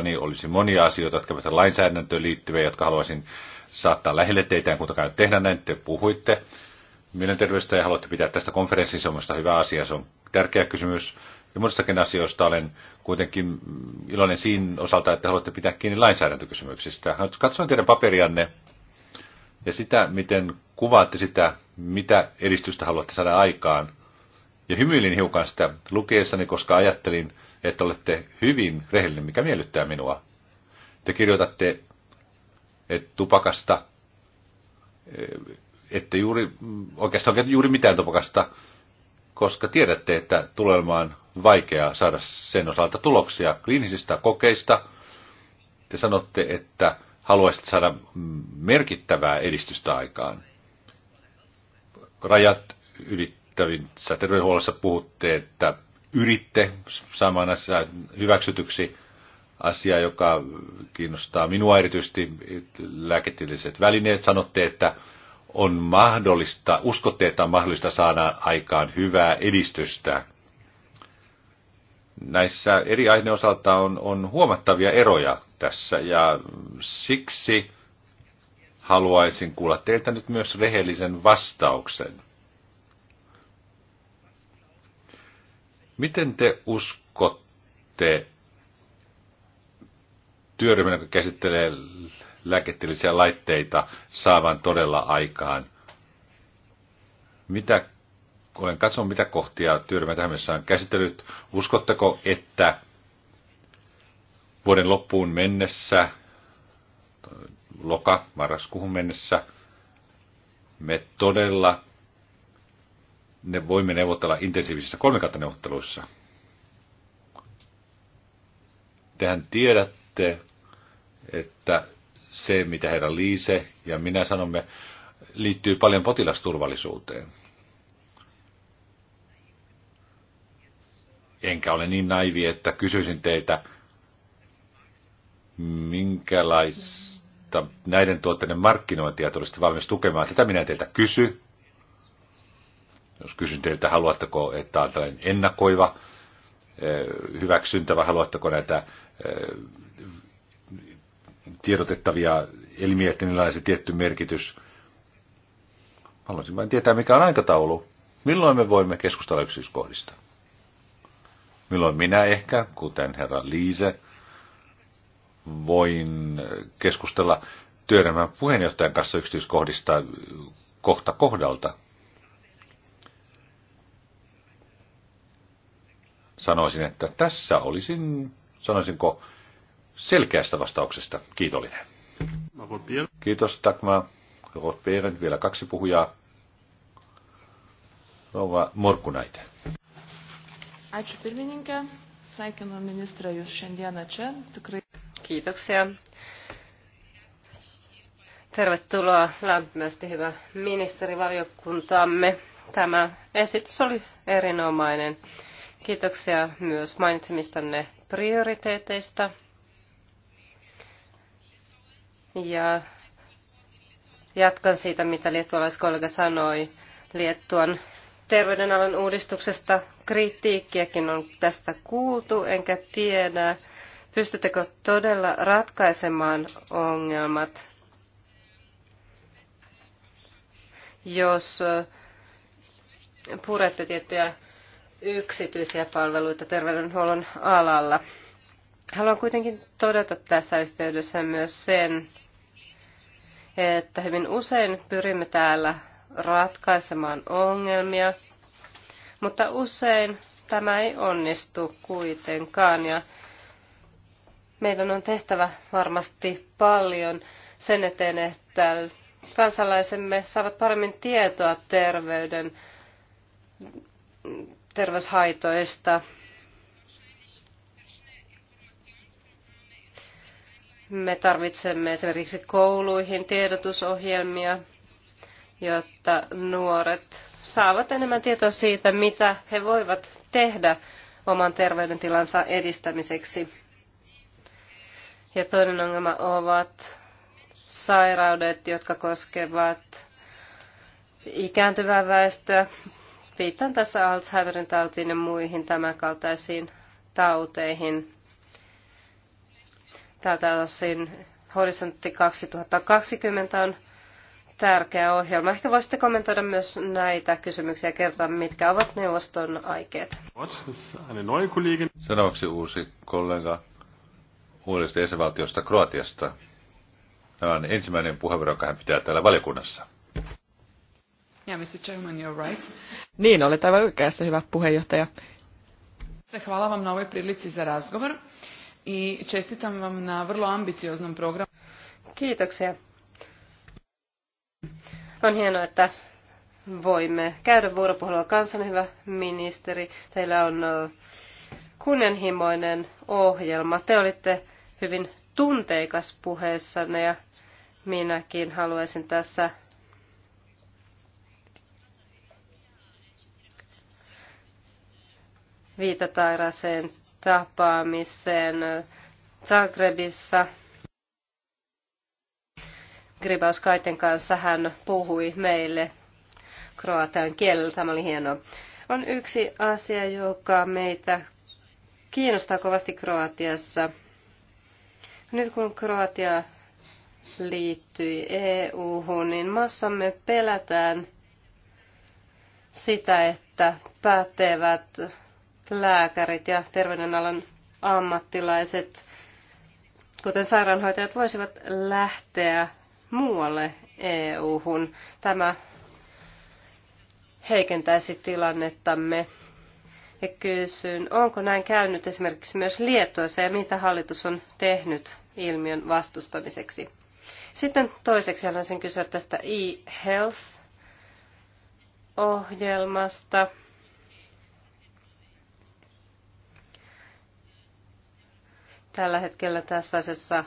niin olisi monia asioita, jotka ovat lainsäädäntöön liittyviä, jotka haluaisin saattaa lähelle teitä, kun kuitenkaan tehdä näin, te puhuitte mielenterveydestä ja haluatte pitää tästä konferenssin, semmoista hyvä asia, se on tärkeä kysymys. Ja muistakin asioista olen kuitenkin iloinen siinä osalta, että haluatte pitää kiinni lainsäädäntökysymyksistä. Katsoin teidän paperianne ja sitä, miten kuvaatte sitä, mitä edistystä haluatte saada aikaan – ja hymyilin hiukan sitä lukiessani, koska ajattelin, että olette hyvin rehellinen, mikä miellyttää minua. Te kirjoitatte että tupakasta, eh, ette juuri, oikeastaan juuri mitään tupakasta, koska tiedätte, että tulee olemaan vaikeaa saada sen osalta tuloksia kliinisistä kokeista. Te sanotte, että haluaisitte saada merkittävää edistystä aikaan. Rajat ylittävät kävissä terveydenhuollossa puhutte, että yritte saamaan asiaa hyväksytyksi. Asia, joka kiinnostaa minua erityisesti, lääketieteelliset välineet. Sanotte, että on mahdollista, uskotte, että on mahdollista saada aikaan hyvää edistystä. Näissä eri aineiden osalta on, on huomattavia eroja tässä ja siksi haluaisin kuulla teiltä nyt myös rehellisen vastauksen. Miten te uskotte työryhmän, joka käsittelee lääketillisiä laitteita, saavan todella aikaan? Mitä, olen katsonut, mitä kohtia työryhmä tähän mennessä on käsitellyt. Uskotteko, että vuoden loppuun mennessä, loka-marraskuuhun mennessä, me todella ne voimme neuvotella intensiivisissä kolmikantaneuvotteluissa. Tehän tiedätte, että se, mitä herra Liise ja minä sanomme, liittyy paljon potilasturvallisuuteen. Enkä ole niin naivi, että kysyisin teiltä, minkälaista näiden tuotteiden markkinointia tulisi valmis tukemaan. Tätä minä teiltä kysy, jos kysyn teiltä, haluatteko, että on tällainen ennakoiva eh, hyväksyntä vai haluatteko näitä eh, tiedotettavia elmiä, että niillä on se tietty merkitys. Haluaisin vain tietää, mikä on aikataulu. Milloin me voimme keskustella yksityiskohdista? Milloin minä ehkä, kuten herra Liise, voin keskustella työryhmän puheenjohtajan kanssa yksityiskohdista kohta kohdalta. sanoisin, että tässä olisin, sanoisinko, selkeästä vastauksesta kiitollinen. Kiitos Takma. Rothbeeren, vielä kaksi puhujaa. Rouva Morkunaite. Ačiū pirmininkė, sveikinu ministrą jūs šiandieną čia. Tikrai... Kiitoksia. Tervetuloa lämpimästi hyvä ministerivaliokuntaamme. Tämä esitys oli erinomainen. Kiitoksia myös mainitsemistanne prioriteeteista. Ja jatkan siitä, mitä liettualaiskollega sanoi Liettuan terveydenalan uudistuksesta. Kritiikkiäkin on tästä kuultu, enkä tiedä, pystyttekö todella ratkaisemaan ongelmat, jos äh, purette tiettyjä yksityisiä palveluita terveydenhuollon alalla. Haluan kuitenkin todeta tässä yhteydessä myös sen, että hyvin usein pyrimme täällä ratkaisemaan ongelmia, mutta usein tämä ei onnistu kuitenkaan ja meidän on tehtävä varmasti paljon sen eteen, että kansalaisemme saavat paremmin tietoa terveyden terveyshaitoista. Me tarvitsemme esimerkiksi kouluihin tiedotusohjelmia, jotta nuoret saavat enemmän tietoa siitä, mitä he voivat tehdä oman terveydentilansa edistämiseksi. Ja toinen ongelma ovat sairaudet, jotka koskevat ikääntyvää väestöä, Viittaan tässä Alzheimerin tautiin ja muihin tämänkaltaisiin tauteihin. Tältä osin Horisontti 2020 on tärkeä ohjelma. Ehkä voisitte kommentoida myös näitä kysymyksiä ja kertoa, mitkä ovat neuvoston aikeet. Seuraavaksi uusi kollega uudesta jäsenvaltiosta Kroatiasta. Tämä on ensimmäinen puheenvuoro, joka hän pitää täällä valiokunnassa. Yeah, Mr. Chairman, you're right. Niin, olet aivan oikeassa, hyvä puheenjohtaja. Hvala vam na ovoj prilici za razgovor i čestitam vam na vrlo ambicioznom programu. Kiitoksia. On hienoa, että voimme käydä vuoropuhelua kansan hyvä ministeri. Teillä on kunnianhimoinen ohjelma. Te olitte hyvin tunteikas puheessanne ja minäkin haluaisin tässä viitatairaseen tapaamiseen Zagrebissa. Gribauskaiten kanssa hän puhui meille kroatian kielellä. Tämä oli hienoa. On yksi asia, joka meitä kiinnostaa kovasti Kroatiassa. Nyt kun Kroatia liittyi EU-hun, niin massamme pelätään sitä, että pätevät lääkärit ja terveydenalan ammattilaiset, kuten sairaanhoitajat, voisivat lähteä muualle EU-hun. Tämä heikentäisi tilannettamme. Ja kysyn, onko näin käynyt esimerkiksi myös Liettuassa ja mitä hallitus on tehnyt ilmiön vastustamiseksi? Sitten toiseksi haluaisin kysyä tästä e-health-ohjelmasta. Tällä hetkellä tässä asiassa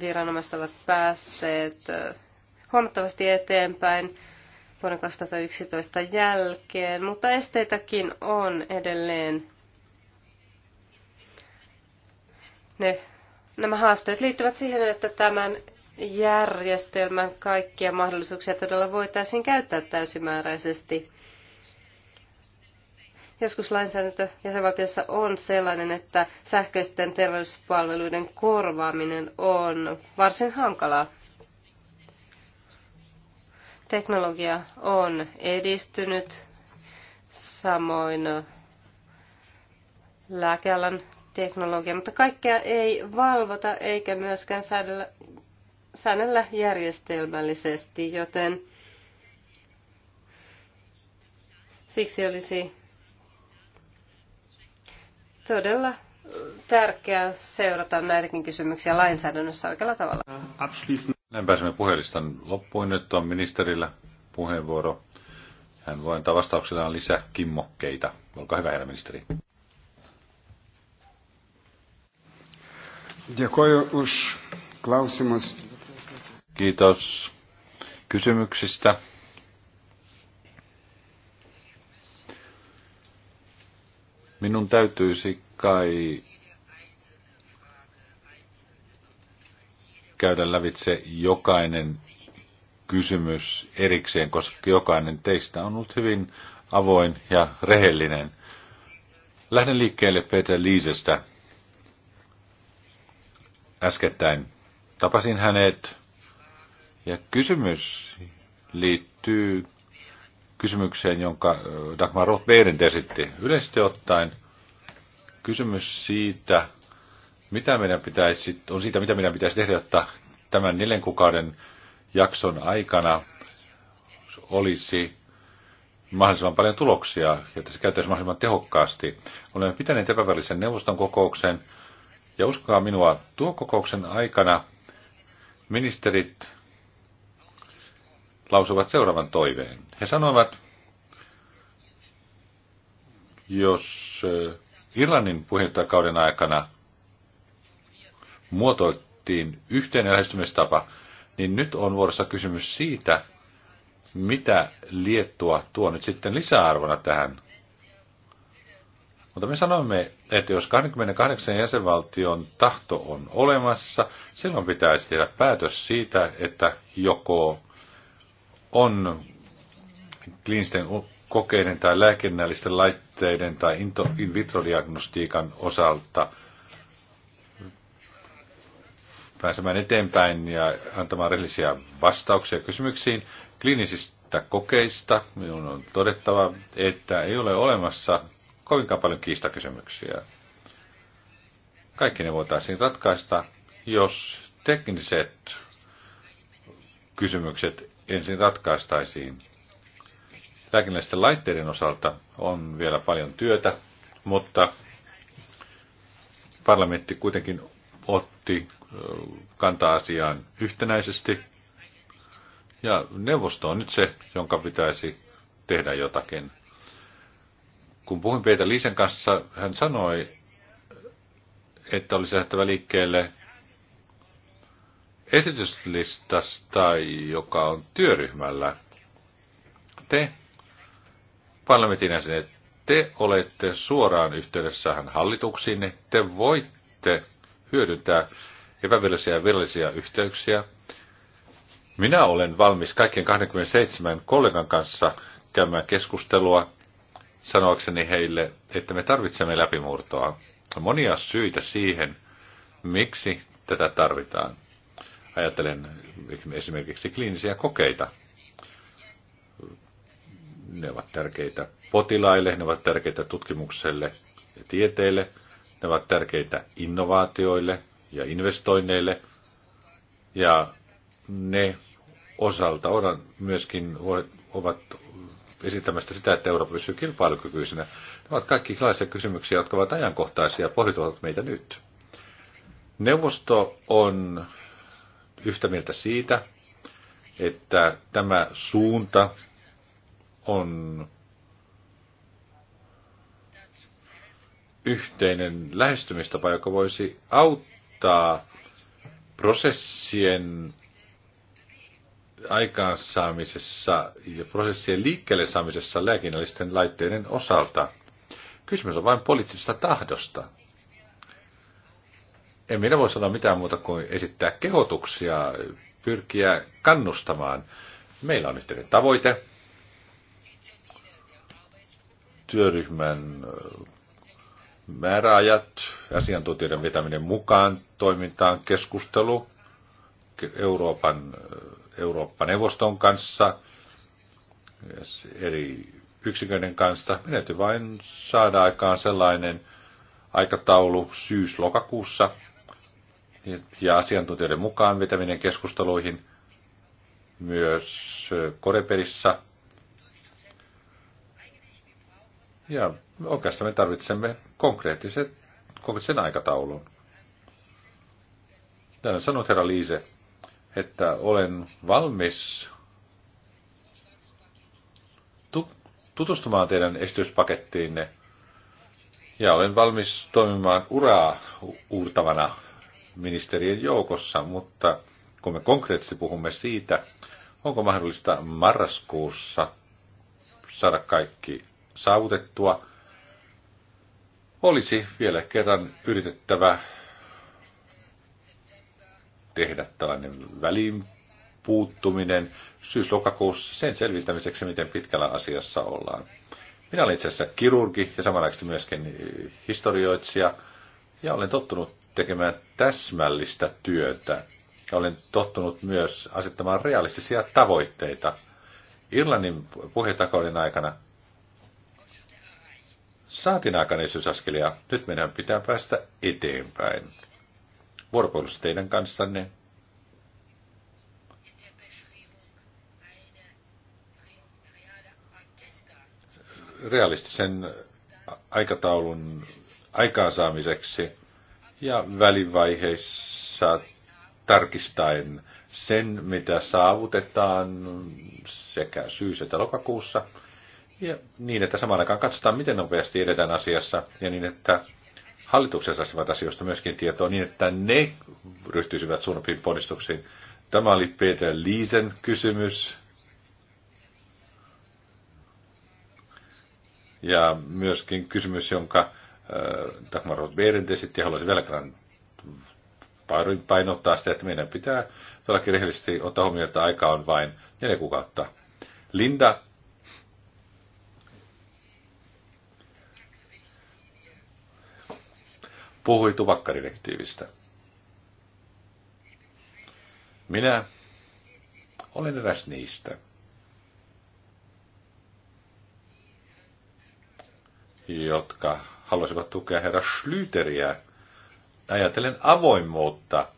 viranomaiset ovat päässeet huomattavasti eteenpäin vuoden 2011 jälkeen, mutta esteitäkin on edelleen. Ne, nämä haasteet liittyvät siihen, että tämän järjestelmän kaikkia mahdollisuuksia todella voitaisiin käyttää täysimääräisesti. Joskus lainsäädäntö jäsenvaltiossa on sellainen, että sähköisten terveyspalveluiden korvaaminen on varsin hankalaa. Teknologia on edistynyt, samoin lääkealan teknologia, mutta kaikkea ei valvota eikä myöskään säädellä, säännellä järjestelmällisesti, joten siksi olisi todella tärkeää seurata näitäkin kysymyksiä lainsäädännössä oikealla tavalla. Näin pääsemme puhelistan loppuun. Nyt on ministerillä puheenvuoro. Hän voi antaa vastauksellaan lisää kimmokkeita. Olkaa hyvä, herra ministeri. Kiitos kysymyksistä. Minun täytyisi kai käydä lävitse jokainen kysymys erikseen, koska jokainen teistä on ollut hyvin avoin ja rehellinen. Lähden liikkeelle Peter Liisestä. Äskettäin tapasin hänet ja kysymys liittyy kysymykseen, jonka äh, Dagmar roth Beirin esitti. Yleisesti ottaen kysymys siitä, mitä meidän pitäisi, on siitä, mitä meidän pitäisi tehdä, jotta tämän neljän kuukauden jakson aikana olisi mahdollisimman paljon tuloksia, jotta se käytäisi mahdollisimman tehokkaasti. Olemme pitäneet epävälisen neuvoston kokouksen, ja uskokaa minua, tuo kokouksen aikana ministerit lausuvat seuraavan toiveen. He sanovat, jos Irlannin puheenjohtajakauden aikana muotoiltiin yhteen lähestymistapa, niin nyt on vuorossa kysymys siitä, mitä Liettua tuo nyt sitten lisäarvona tähän. Mutta me sanoimme, että jos 28 jäsenvaltion tahto on olemassa, silloin pitäisi tehdä päätös siitä, että joko on kliinisten kokeiden tai lääkinnällisten laitteiden tai in vitro-diagnostiikan osalta pääsemään eteenpäin ja antamaan rehellisiä vastauksia kysymyksiin kliinisistä kokeista. Minun on todettava, että ei ole olemassa kovinkaan paljon kiistakysymyksiä. Kaikki ne voitaisiin ratkaista, jos tekniset kysymykset ensin ratkaistaisiin. Lääkinnällisten laitteiden osalta on vielä paljon työtä, mutta parlamentti kuitenkin otti kantaa asiaan yhtenäisesti. Ja neuvosto on nyt se, jonka pitäisi tehdä jotakin. Kun puhuin Peter Liisen kanssa, hän sanoi, että olisi lähtevä liikkeelle esityslistasta, joka on työryhmällä. Te, parlamentin jäsenet, te olette suoraan yhteydessähän hallituksiin, te voitte hyödyntää epävirallisia ja virallisia yhteyksiä. Minä olen valmis kaikkien 27 kollegan kanssa käymään keskustelua sanoakseni heille, että me tarvitsemme läpimurtoa. monia syitä siihen, miksi tätä tarvitaan. Ajattelen esimerkiksi kliinisiä kokeita. Ne ovat tärkeitä potilaille, ne ovat tärkeitä tutkimukselle ja tieteelle, ne ovat tärkeitä innovaatioille ja investoinneille, ja ne osalta on myöskin ovat esittämästä sitä, että Eurooppa pysyy kilpailukykyisenä. Ne ovat kaikki sellaisia kysymyksiä, jotka ovat ajankohtaisia ja pohdituvat meitä nyt. Neuvosto on yhtä mieltä siitä, että tämä suunta on yhteinen lähestymistapa, joka voisi auttaa prosessien aikaansaamisessa ja prosessien liikkeelle saamisessa lääkinnällisten laitteiden osalta. Kysymys on vain poliittisesta tahdosta en minä voi sanoa mitään muuta kuin esittää kehotuksia, pyrkiä kannustamaan. Meillä on yhteinen tavoite. Työryhmän äh, määräajat, asiantuntijoiden vetäminen mukaan toimintaan, keskustelu Euroopan, äh, Eurooppa-neuvoston kanssa, eri yksiköiden kanssa. Menetty vain saada aikaan sellainen aikataulu syys-lokakuussa, ja asiantuntijoiden mukaan vetäminen keskusteluihin myös Koreperissä. Ja oikeastaan me tarvitsemme konkreettiset, konkreettisen aikataulun. Tänä sanot, herra Liise, että olen valmis tutustumaan teidän esityspakettiinne ja olen valmis toimimaan uraa uurtavana ministerien joukossa, mutta kun me konkreettisesti puhumme siitä, onko mahdollista marraskuussa saada kaikki saavutettua, olisi vielä kerran yritettävä tehdä tällainen väliin puuttuminen syyslokakuussa sen selvittämiseksi, miten pitkällä asiassa ollaan. Minä olen itse asiassa kirurgi ja samanaikaisesti myöskin historioitsija, ja olen tottunut tekemään täsmällistä työtä. Ja olen tottunut myös asettamaan realistisia tavoitteita. Irlannin puheenjohtajakauden aikana saatiin aikana esitysaskelia. Nyt meidän pitää päästä eteenpäin. Vuoropuolussa teidän kanssanne. Realistisen aikataulun aikaansaamiseksi – ja välivaiheissa tarkistaen sen, mitä saavutetaan sekä syys- että lokakuussa, ja niin, että samaan aikaan katsotaan, miten nopeasti edetään asiassa, ja niin, että hallituksessa saisivat asioista myöskin tietoa niin, että ne ryhtyisivät suunnapin ponnistuksiin. Tämä oli Peter Liisen kysymys. Ja myöskin kysymys, jonka Dagmar Roth-Behrendt esitti, ja haluaisin vielä kerran painottaa sitä, että meidän pitää todellakin rehellisesti ottaa huomioon, että aika on vain neljä kuukautta. Linda puhui tupakkadirektiivistä. Minä olen eräs niistä, jotka haluaisivat tukea herra Schlüteriä. Ajatellen avoimuutta,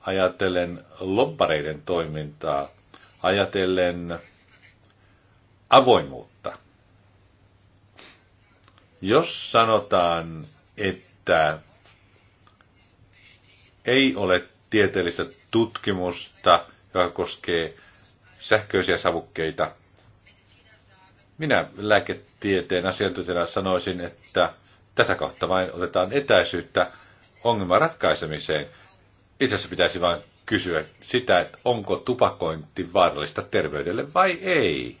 ajatellen lobbareiden toimintaa, ajatellen avoimuutta. Jos sanotaan, että ei ole tieteellistä tutkimusta, joka koskee sähköisiä savukkeita, minä lääketieteen asiantuntijana sanoisin, että tätä kautta vain otetaan etäisyyttä ongelman ratkaisemiseen. Itse asiassa pitäisi vain kysyä sitä, että onko tupakointi vaarallista terveydelle vai ei.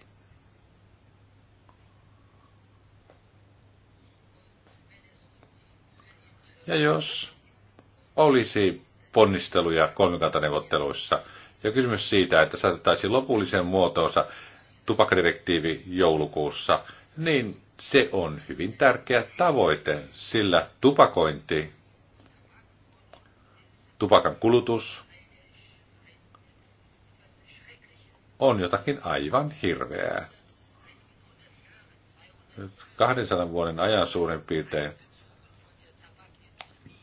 Ja jos olisi ponnisteluja kolmikantaneuvotteluissa ja kysymys siitä, että saatettaisiin lopulliseen muotoonsa tupakadirektiivi joulukuussa, niin se on hyvin tärkeä tavoite, sillä tupakointi, tupakan kulutus on jotakin aivan hirveää. 200 vuoden ajan suurin piirtein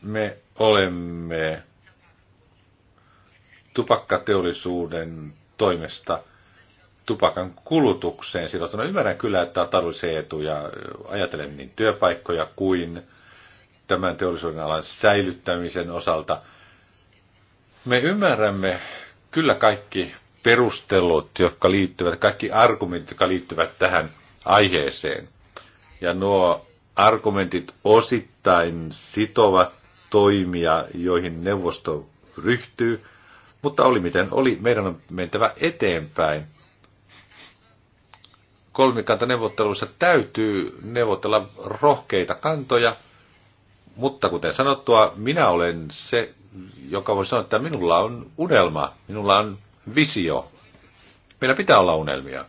me olemme tupakkateollisuuden toimesta tupakan kulutukseen sidottuna. Ymmärrän kyllä, että on taloudellisia etuja, ajatellen niin työpaikkoja kuin tämän teollisuuden alan säilyttämisen osalta. Me ymmärrämme kyllä kaikki perustelut, jotka liittyvät, kaikki argumentit, jotka liittyvät tähän aiheeseen. Ja nuo argumentit osittain sitovat toimia, joihin neuvosto ryhtyy, mutta oli miten oli, meidän on mentävä eteenpäin – kolmikantaneuvotteluissa täytyy neuvotella rohkeita kantoja, mutta kuten sanottua, minä olen se, joka voi sanoa, että minulla on unelma, minulla on visio. Meillä pitää olla unelmia.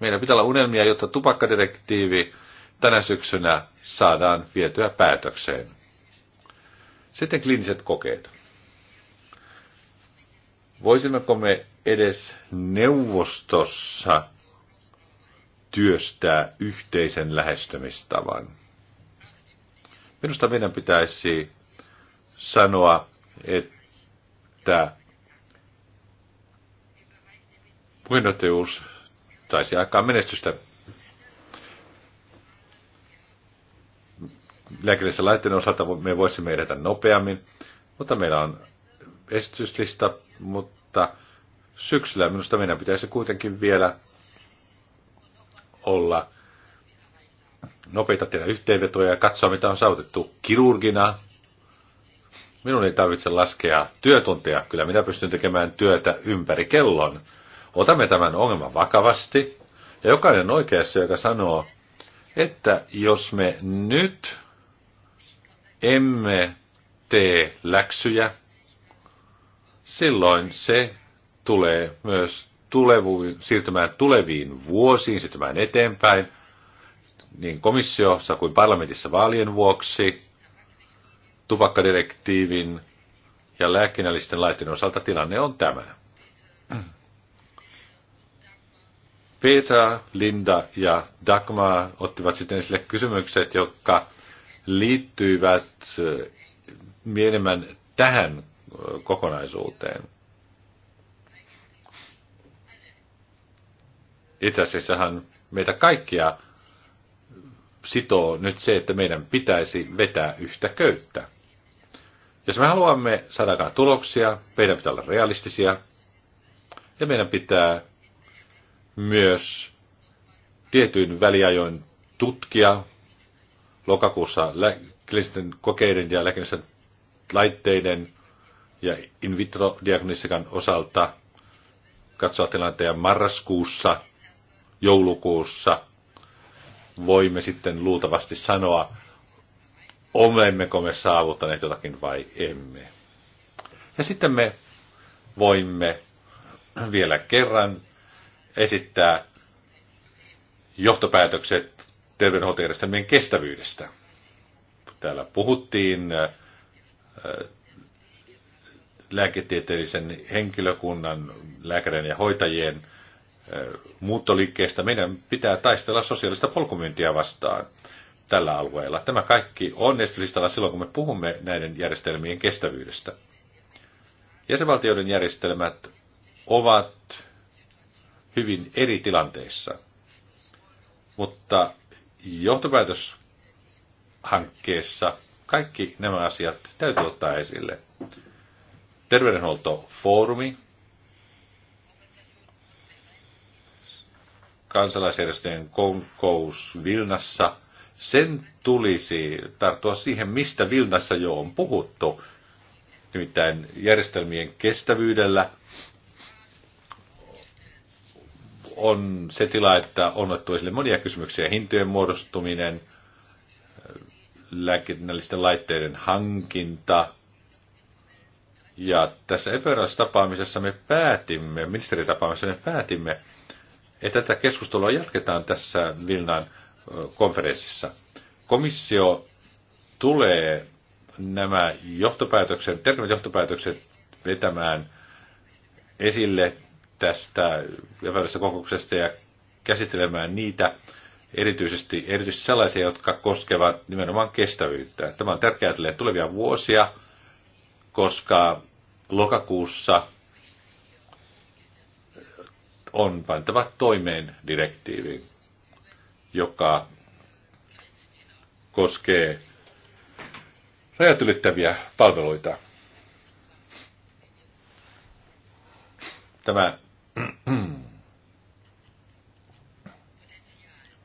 Meillä pitää olla unelmia, jotta tupakkadirektiivi tänä syksynä saadaan vietyä päätökseen. Sitten kliiniset kokeet. Voisimmeko me edes neuvostossa työstää yhteisen lähestymistavan. Minusta meidän pitäisi sanoa, että puheenjohtajuus taisi aikaa menestystä Lääkärissä laitteen osalta me voisimme edetä nopeammin, mutta meillä on esityslista, mutta syksyllä. Minusta meidän pitäisi kuitenkin vielä olla nopeita tehdä yhteenvetoja ja katsoa, mitä on saavutettu kirurgina. Minun ei tarvitse laskea työtunteja. Kyllä minä pystyn tekemään työtä ympäri kellon. Otamme tämän ongelman vakavasti. Ja jokainen oikeassa, joka sanoo, että jos me nyt emme tee läksyjä, silloin se tulee myös tulevu, siirtymään tuleviin vuosiin, siirtymään eteenpäin, niin komissiossa kuin parlamentissa vaalien vuoksi, tupakkadirektiivin ja lääkinnällisten laitteiden osalta tilanne on tämä. Petra, Linda ja Dagmar ottivat sitten esille kysymykset, jotka liittyivät enemmän tähän kokonaisuuteen. Itse asiassahan meitä kaikkia sitoo nyt se, että meidän pitäisi vetää yhtä köyttä. Jos me haluamme saada tuloksia, meidän pitää olla realistisia ja meidän pitää myös tietyin väliajoin tutkia lokakuussa klinisten kokeiden ja lääkinnällisten laitteiden ja in vitro diagnostikan osalta katsoa tilanteen marraskuussa joulukuussa voimme sitten luultavasti sanoa, olemmeko me saavuttaneet jotakin vai emme. Ja sitten me voimme vielä kerran esittää johtopäätökset terveydenhuoltojärjestelmien kestävyydestä. Täällä puhuttiin äh, äh, lääketieteellisen henkilökunnan, lääkäreiden ja hoitajien muuttoliikkeestä. Meidän pitää taistella sosiaalista polkumyyntiä vastaan tällä alueella. Tämä kaikki on esityslistalla silloin, kun me puhumme näiden järjestelmien kestävyydestä. Jäsenvaltioiden järjestelmät ovat hyvin eri tilanteissa. Mutta johtopäätöshankkeessa kaikki nämä asiat täytyy ottaa esille. Terveydenhuoltofoorumi kansalaisjärjestöjen kokous Vilnassa, sen tulisi tarttua siihen, mistä Vilnassa jo on puhuttu, nimittäin järjestelmien kestävyydellä on se tila, että on otettu esille monia kysymyksiä, hintojen muodostuminen, lääkinnällisten laitteiden hankinta. Ja tässä epävirallisessa tapaamisessa me päätimme, ministeritapaamisessa me päätimme, ja tätä keskustelua jatketaan tässä Vilnan konferenssissa. Komissio tulee nämä johtopäätökset, tärkeimmät johtopäätökset vetämään esille tästä epäilystä kokouksesta ja käsittelemään niitä erityisesti, erityisesti sellaisia, jotka koskevat nimenomaan kestävyyttä. Tämä on tärkeää tulevia vuosia, koska lokakuussa – on pantava toimeen direktiivi, joka koskee rajat ylittäviä palveluita. Tämä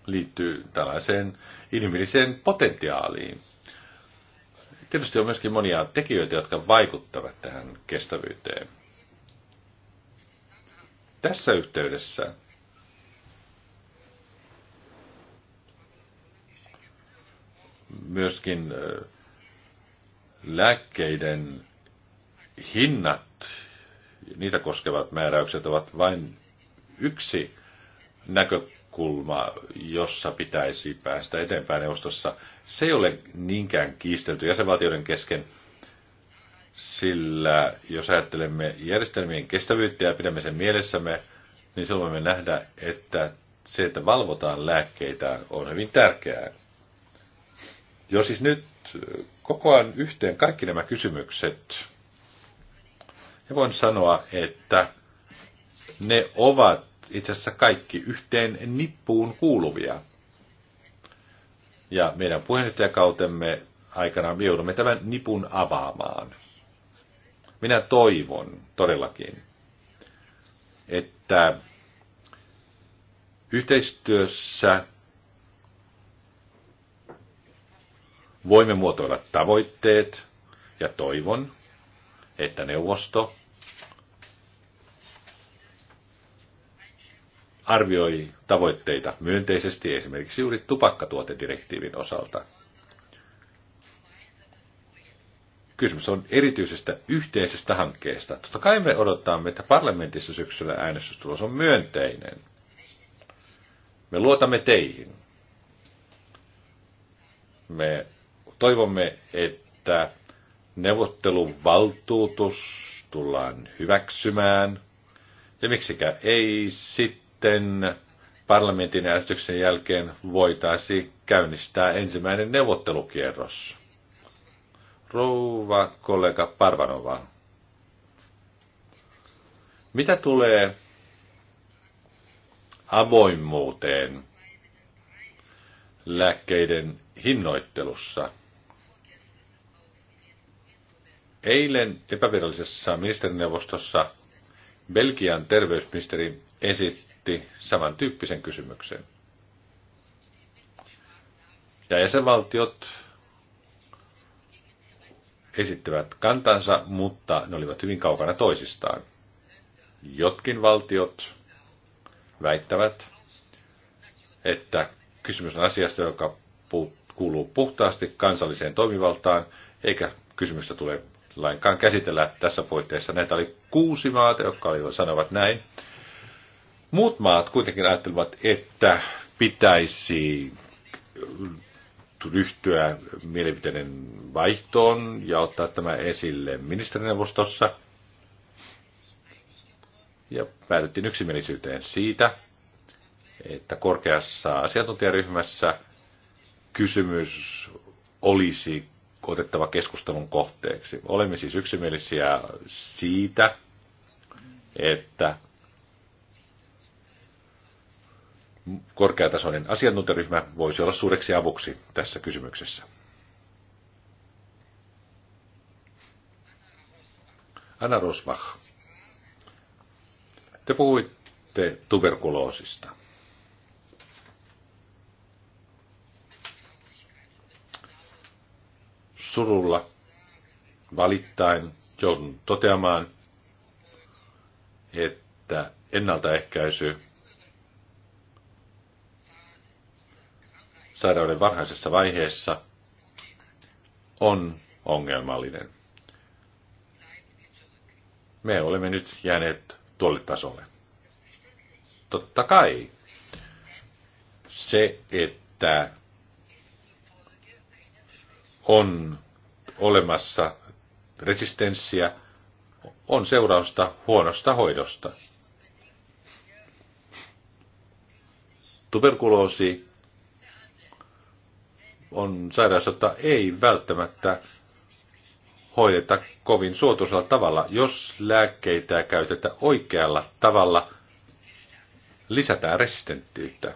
liittyy tällaiseen inhimilliseen potentiaaliin. Tietysti on myöskin monia tekijöitä, jotka vaikuttavat tähän kestävyyteen. Tässä yhteydessä myöskin lääkkeiden hinnat, niitä koskevat määräykset ovat vain yksi näkökulma, jossa pitäisi päästä eteenpäin neuvostossa. Se ei ole niinkään kiistelty jäsenvaltioiden kesken, sillä jos ajattelemme järjestelmien kestävyyttä ja pidämme sen mielessämme, niin silloin me nähdä, että se, että valvotaan lääkkeitä, on hyvin tärkeää. Jos siis nyt kokoan yhteen kaikki nämä kysymykset, ja voin sanoa, että ne ovat itse asiassa kaikki yhteen nippuun kuuluvia. Ja meidän puheenjohtajakautemme aikana me joudumme tämän nipun avaamaan. Minä toivon todellakin, että yhteistyössä voimme muotoilla tavoitteet ja toivon, että neuvosto arvioi tavoitteita myönteisesti esimerkiksi juuri tupakkatuotedirektiivin osalta. Kysymys on erityisestä yhteisestä hankkeesta. Totta kai me odotamme, että parlamentissa syksyllä äänestystulos on myönteinen. Me luotamme teihin. Me toivomme, että neuvotteluvaltuutus tullaan hyväksymään. Ja miksikä ei sitten parlamentin äänestyksen jälkeen voitaisi käynnistää ensimmäinen neuvottelukierros. Rouva kollega Parvanova. Mitä tulee avoimuuteen lääkkeiden hinnoittelussa? Eilen epävirallisessa ministerineuvostossa Belgian terveysministeri esitti samantyyppisen kysymyksen. Ja jäsenvaltiot esittivät kantansa, mutta ne olivat hyvin kaukana toisistaan. Jotkin valtiot väittävät, että kysymys on asiasta, joka kuuluu puhtaasti kansalliseen toimivaltaan, eikä kysymystä tule lainkaan käsitellä tässä puitteissa. Näitä oli kuusi maata, jotka olivat, sanovat näin. Muut maat kuitenkin ajattelivat, että pitäisi ryhtyä mielipiteiden vaihtoon ja ottaa tämä esille ministerineuvostossa. Ja päädyttiin yksimielisyyteen siitä, että korkeassa asiantuntijaryhmässä kysymys olisi otettava keskustelun kohteeksi. Olemme siis yksimielisiä siitä, että korkeatasoinen asiantuntijaryhmä voisi olla suureksi avuksi tässä kysymyksessä. Anna Rosbach, te puhuitte tuberkuloosista. Surulla valittain joudun toteamaan, että ennaltaehkäisy sairauden varhaisessa vaiheessa on ongelmallinen. Me olemme nyt jääneet tuolle tasolle. Totta kai se, että on olemassa resistenssiä, on seurausta huonosta hoidosta. Tuberkuloosi on sairaus, jota ei välttämättä hoideta kovin suotuisella tavalla. Jos lääkkeitä käytetään oikealla tavalla, lisätään resistenttiyttä.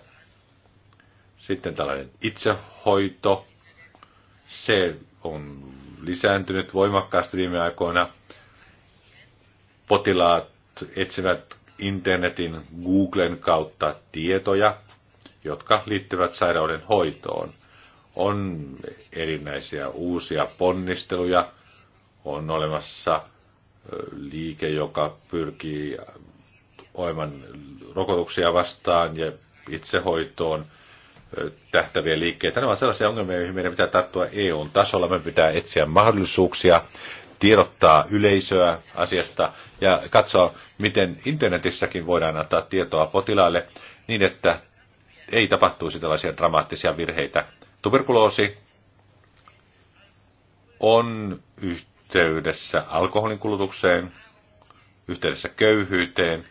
Sitten tällainen itsehoito, se on lisääntynyt voimakkaasti viime aikoina. Potilaat etsivät internetin Googlen kautta tietoja, jotka liittyvät sairauden hoitoon – on erinäisiä uusia ponnisteluja, on olemassa liike, joka pyrkii olemaan rokotuksia vastaan ja itsehoitoon tähtäviä liikkeitä. Nämä ovat sellaisia ongelmia, joihin meidän pitää tarttua eu tasolla. Meidän pitää etsiä mahdollisuuksia tiedottaa yleisöä asiasta ja katsoa, miten internetissäkin voidaan antaa tietoa potilaalle niin, että ei tapahtuisi tällaisia dramaattisia virheitä Tuberkuloosi on yhteydessä alkoholin kulutukseen, yhteydessä köyhyyteen,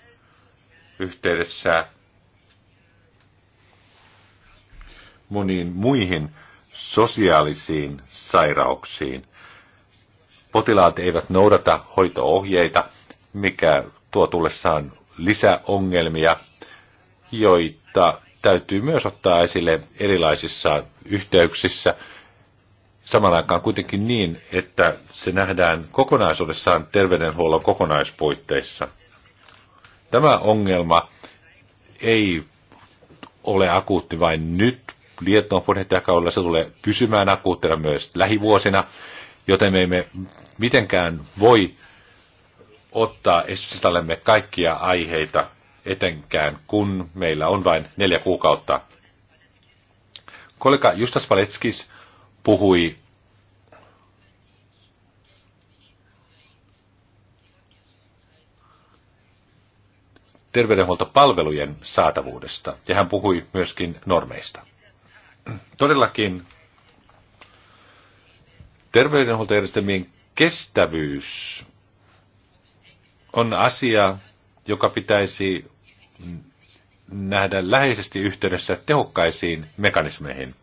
yhteydessä moniin muihin sosiaalisiin sairauksiin. Potilaat eivät noudata hoitoohjeita, mikä tuo tullessaan lisäongelmia, joita täytyy myös ottaa esille erilaisissa yhteyksissä. Samaan aikaan kuitenkin niin, että se nähdään kokonaisuudessaan terveydenhuollon kokonaispuitteissa. Tämä ongelma ei ole akuutti vain nyt. Liettuan puheenjohtajakaudella se tulee pysymään akuuttina myös lähivuosina, joten me emme mitenkään voi ottaa esityställemme kaikkia aiheita etenkään kun meillä on vain neljä kuukautta. Kollega Justas Paletskis puhui terveydenhuoltopalvelujen saatavuudesta ja hän puhui myöskin normeista. Todellakin terveydenhuoltojärjestelmien kestävyys on asia, joka pitäisi nähdä läheisesti yhteydessä tehokkaisiin mekanismeihin.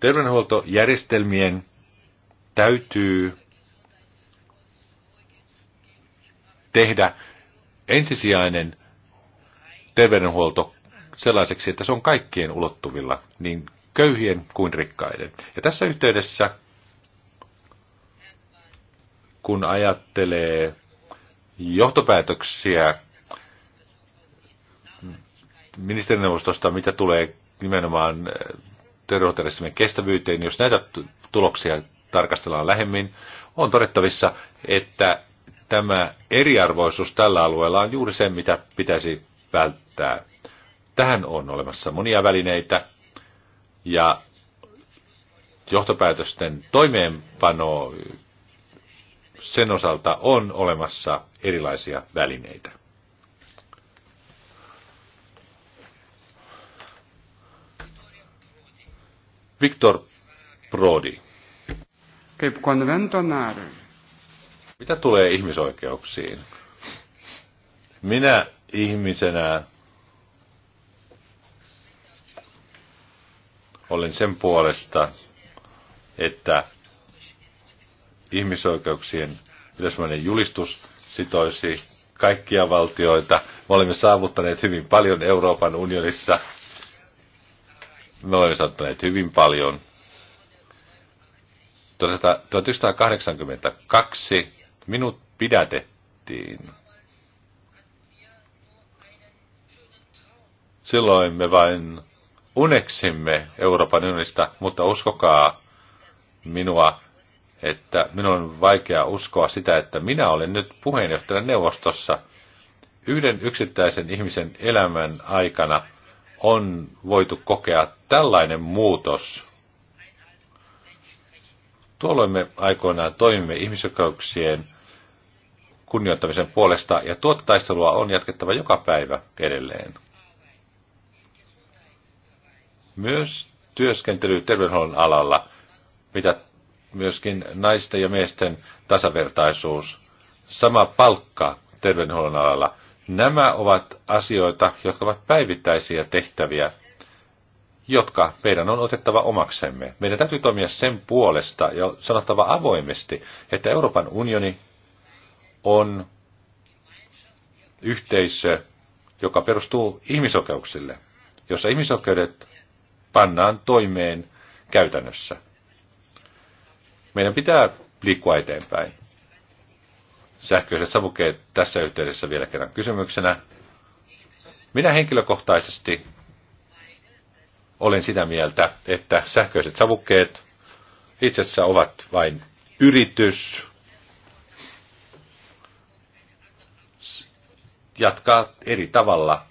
Terveydenhuoltojärjestelmien täytyy tehdä ensisijainen terveydenhuolto sellaiseksi, että se on kaikkien ulottuvilla, niin köyhien kuin rikkaiden. Ja tässä yhteydessä, kun ajattelee johtopäätöksiä ministerineuvostosta, mitä tulee nimenomaan terveysjärjestelmän kestävyyteen, jos näitä tuloksia tarkastellaan lähemmin, on todettavissa, että tämä eriarvoisuus tällä alueella on juuri se, mitä pitäisi välttää. Tähän on olemassa monia välineitä ja johtopäätösten toimeenpano sen osalta on olemassa erilaisia välineitä. Victor Prodi. Mitä tulee ihmisoikeuksiin? Minä ihmisenä olen sen puolesta, että ihmisoikeuksien yleismäinen julistus sitoisi kaikkia valtioita. Me olemme saavuttaneet hyvin paljon Euroopan unionissa. Me olemme saavuttaneet hyvin paljon. 1982 tuota, minut pidätettiin. Silloin me vain uneksimme Euroopan unionista, mutta uskokaa minua, että minun on vaikea uskoa sitä, että minä olen nyt puheenjohtajan neuvostossa. Yhden yksittäisen ihmisen elämän aikana on voitu kokea tällainen muutos. Tuolloin me aikoinaan toimimme ihmisoikeuksien kunnioittamisen puolesta, ja tuota taistelua on jatkettava joka päivä edelleen. Myös työskentely terveydenhuollon alalla, mitä myöskin naisten ja miesten tasavertaisuus, sama palkka terveydenhuollon alalla. Nämä ovat asioita, jotka ovat päivittäisiä tehtäviä, jotka meidän on otettava omaksemme. Meidän täytyy toimia sen puolesta ja sanottava avoimesti, että Euroopan unioni on yhteisö, joka perustuu ihmisoikeuksille, jossa ihmisoikeudet pannaan toimeen käytännössä. Meidän pitää liikkua eteenpäin. Sähköiset savukkeet tässä yhteydessä vielä kerran kysymyksenä. Minä henkilökohtaisesti olen sitä mieltä, että sähköiset savukkeet itse asiassa ovat vain yritys jatkaa eri tavalla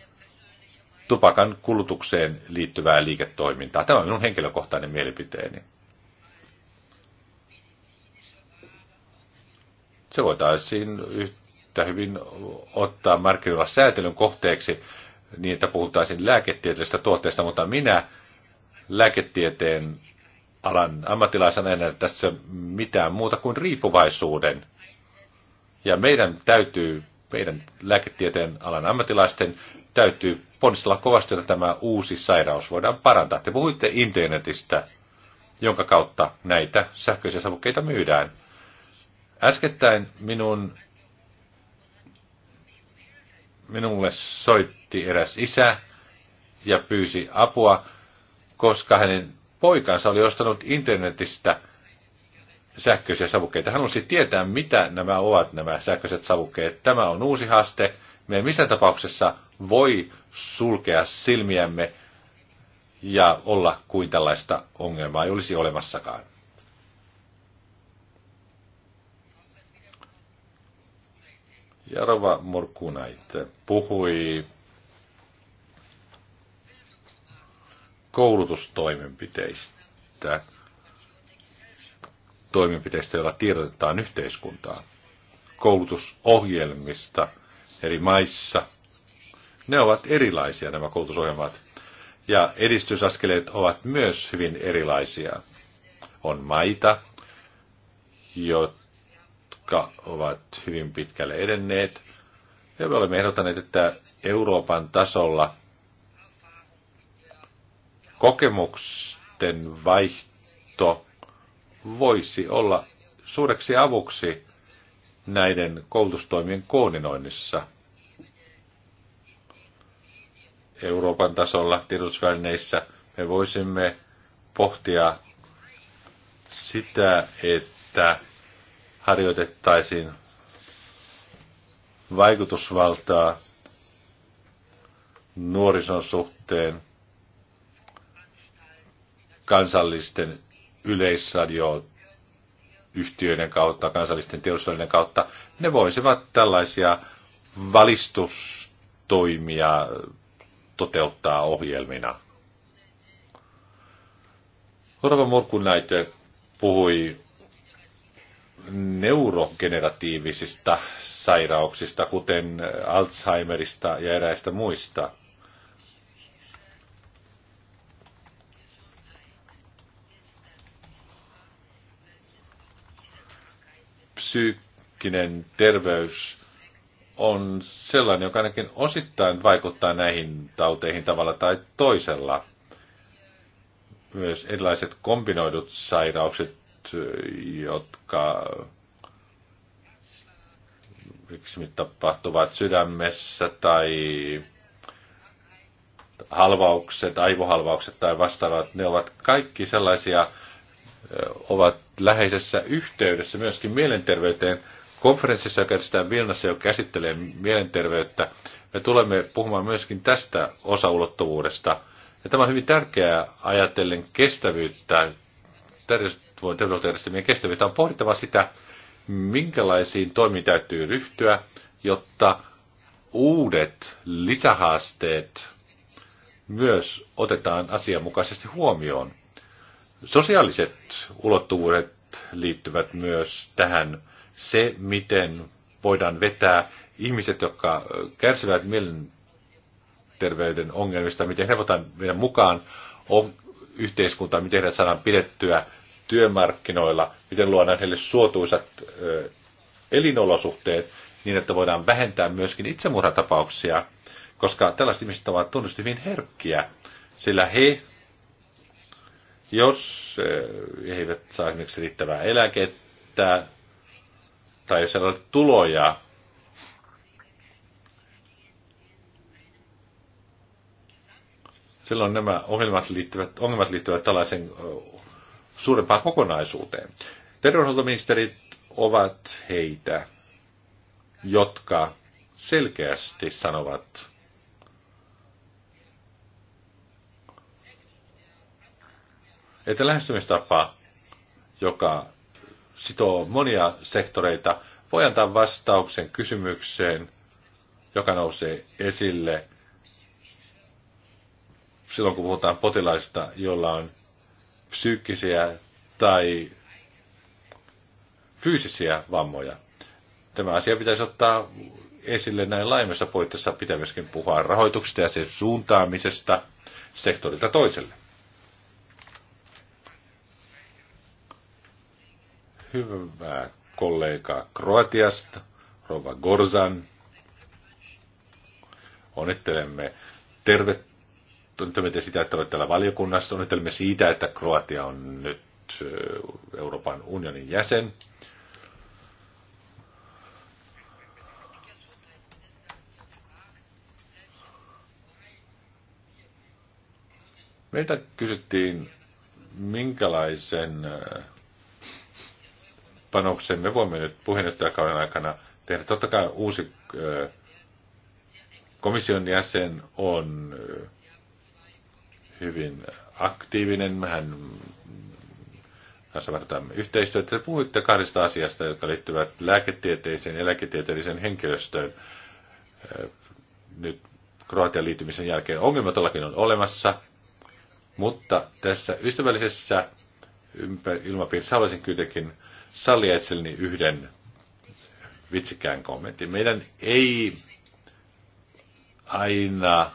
tupakan kulutukseen liittyvää liiketoimintaa. Tämä on minun henkilökohtainen mielipiteeni. se voitaisiin yhtä hyvin ottaa markkinoilla säätelyn kohteeksi niin, että puhuttaisiin lääketieteellisestä tuotteesta, mutta minä lääketieteen alan ammattilaisena en näe tässä mitään muuta kuin riippuvaisuuden. Ja meidän täytyy, meidän lääketieteen alan ammattilaisten täytyy ponnistella kovasti, että tämä uusi sairaus voidaan parantaa. Te puhuitte internetistä, jonka kautta näitä sähköisiä savukkeita myydään. Äskettäin minun, minulle soitti eräs isä ja pyysi apua, koska hänen poikansa oli ostanut internetistä sähköisiä savukkeita. Hän halusi tietää, mitä nämä ovat nämä sähköiset savukkeet. Tämä on uusi haaste. Me missä tapauksessa voi sulkea silmiämme ja olla kuin tällaista ongelmaa ei olisi olemassakaan. Jarova Morkunait puhui koulutustoimenpiteistä, toimenpiteistä, joilla tiedotetaan yhteiskuntaa, koulutusohjelmista eri maissa. Ne ovat erilaisia nämä koulutusohjelmat ja edistysaskeleet ovat myös hyvin erilaisia. On maita, joita jotka ovat hyvin pitkälle edenneet. Ja me olemme ehdottaneet, että Euroopan tasolla kokemusten vaihto voisi olla suureksi avuksi näiden koulutustoimien koordinoinnissa. Euroopan tasolla tiedotusvälineissä me voisimme pohtia sitä, että harjoitettaisiin vaikutusvaltaa nuorison suhteen kansallisten yleisradioyhtiöiden kautta, kansallisten teollisuuden kautta, ne voisivat tällaisia valistustoimia toteuttaa ohjelmina. Orva Murkunäite puhui neurogeneratiivisista sairauksista, kuten Alzheimerista ja eräistä muista. Psyykkinen terveys on sellainen, joka ainakin osittain vaikuttaa näihin tauteihin tavalla tai toisella. Myös erilaiset kombinoidut sairaukset jotka miksi tapahtuvat sydämessä tai halvaukset, aivohalvaukset tai vastaavat, ne ovat kaikki sellaisia, ovat läheisessä yhteydessä myöskin mielenterveyteen. Konferenssissa, joka edistetään Vilnassa, jo käsittelee mielenterveyttä, me tulemme puhumaan myöskin tästä osaulottuvuudesta. Ja tämä on hyvin tärkeää ajatellen kestävyyttä, terveysjärjestelmien kestävyyttä, on pohdittava sitä, minkälaisiin toimiin täytyy ryhtyä, jotta uudet lisähaasteet myös otetaan asianmukaisesti huomioon. Sosiaaliset ulottuvuudet liittyvät myös tähän se, miten voidaan vetää ihmiset, jotka kärsivät mielenterveyden ongelmista, miten he voidaan meidän mukaan on yhteiskuntaa, miten heidät saadaan pidettyä työmarkkinoilla, miten luodaan heille suotuisat elinolosuhteet niin, että voidaan vähentää myöskin itsemurhatapauksia, koska tällaiset ihmiset ovat tunnusti hyvin herkkiä, sillä he, jos he eivät saa esimerkiksi riittävää eläkettä tai jos ei ole tuloja, silloin nämä ohjelmat liittyvät, ongelmat liittyvät tällaisen suurempaan kokonaisuuteen. Terveydenhuoltoministerit ovat heitä, jotka selkeästi sanovat, että lähestymistapa, joka sitoo monia sektoreita, voi antaa vastauksen kysymykseen, joka nousee esille silloin, kun puhutaan potilaista, jolla on psyykkisiä tai fyysisiä vammoja. Tämä asia pitäisi ottaa esille näin laajemmassa puitteissa. Pitää myöskin puhua rahoituksesta ja sen suuntaamisesta sektorilta toiselle. Hyvä kollega Kroatiasta, Rova Gorzan. Onnittelemme tervetuloa suunnitelmia sitä, että olet täällä valiokunnassa. suunnitelmia siitä, että Kroatia on nyt Euroopan unionin jäsen. Meiltä kysyttiin, minkälaisen panoksen me voimme nyt puheenjohtajakauden aikana tehdä. Totta kai uusi komission jäsen on hyvin aktiivinen. Mehän kanssa vertaamme yhteistyötä. Te puhuitte kahdesta asiasta, jotka liittyvät lääketieteeseen ja lääketieteelliseen henkilöstöön nyt Kroatian liittymisen jälkeen. Ongelma todellakin on olemassa, mutta tässä ystävällisessä ilmapiirissä haluaisin kuitenkin sallia itselleni yhden vitsikään kommentin. Meidän ei aina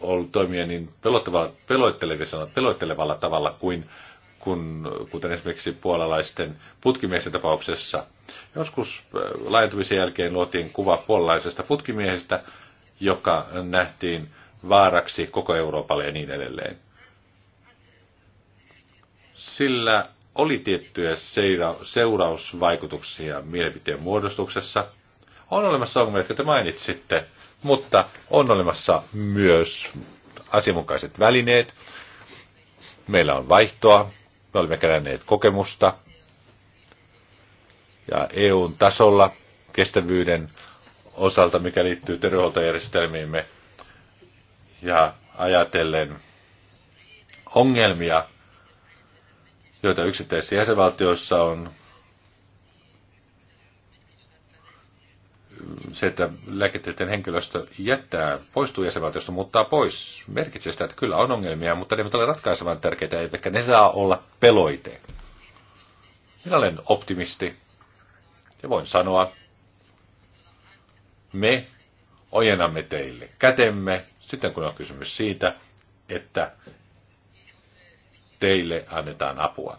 ollut toimia niin peloittelevalla tavalla kuin kun, kuten esimerkiksi puolalaisten putkimiesten tapauksessa. Joskus äh, laajentumisen jälkeen luotiin kuva puolalaisesta putkimiehestä, joka nähtiin vaaraksi koko Euroopalle ja niin edelleen. Sillä oli tiettyjä seurausvaikutuksia mielipiteen muodostuksessa. On olemassa ongelmia, jotka te mainitsitte – mutta on olemassa myös asianmukaiset välineet. Meillä on vaihtoa, me olemme keränneet kokemusta ja EUn tasolla kestävyyden osalta, mikä liittyy terveydenhuoltojärjestelmiimme ja ajatellen ongelmia, joita yksittäisissä jäsenvaltioissa on, se, että lääketieteen henkilöstö jättää, poistuu jäsenvaltiosta, muuttaa pois, merkitsee sitä, että kyllä on ongelmia, mutta ne eivät ole ratkaisevan tärkeitä, eivätkä ne saa olla peloite. Minä olen optimisti ja voin sanoa, me ojennamme teille kätemme sitten kun on kysymys siitä, että teille annetaan apua.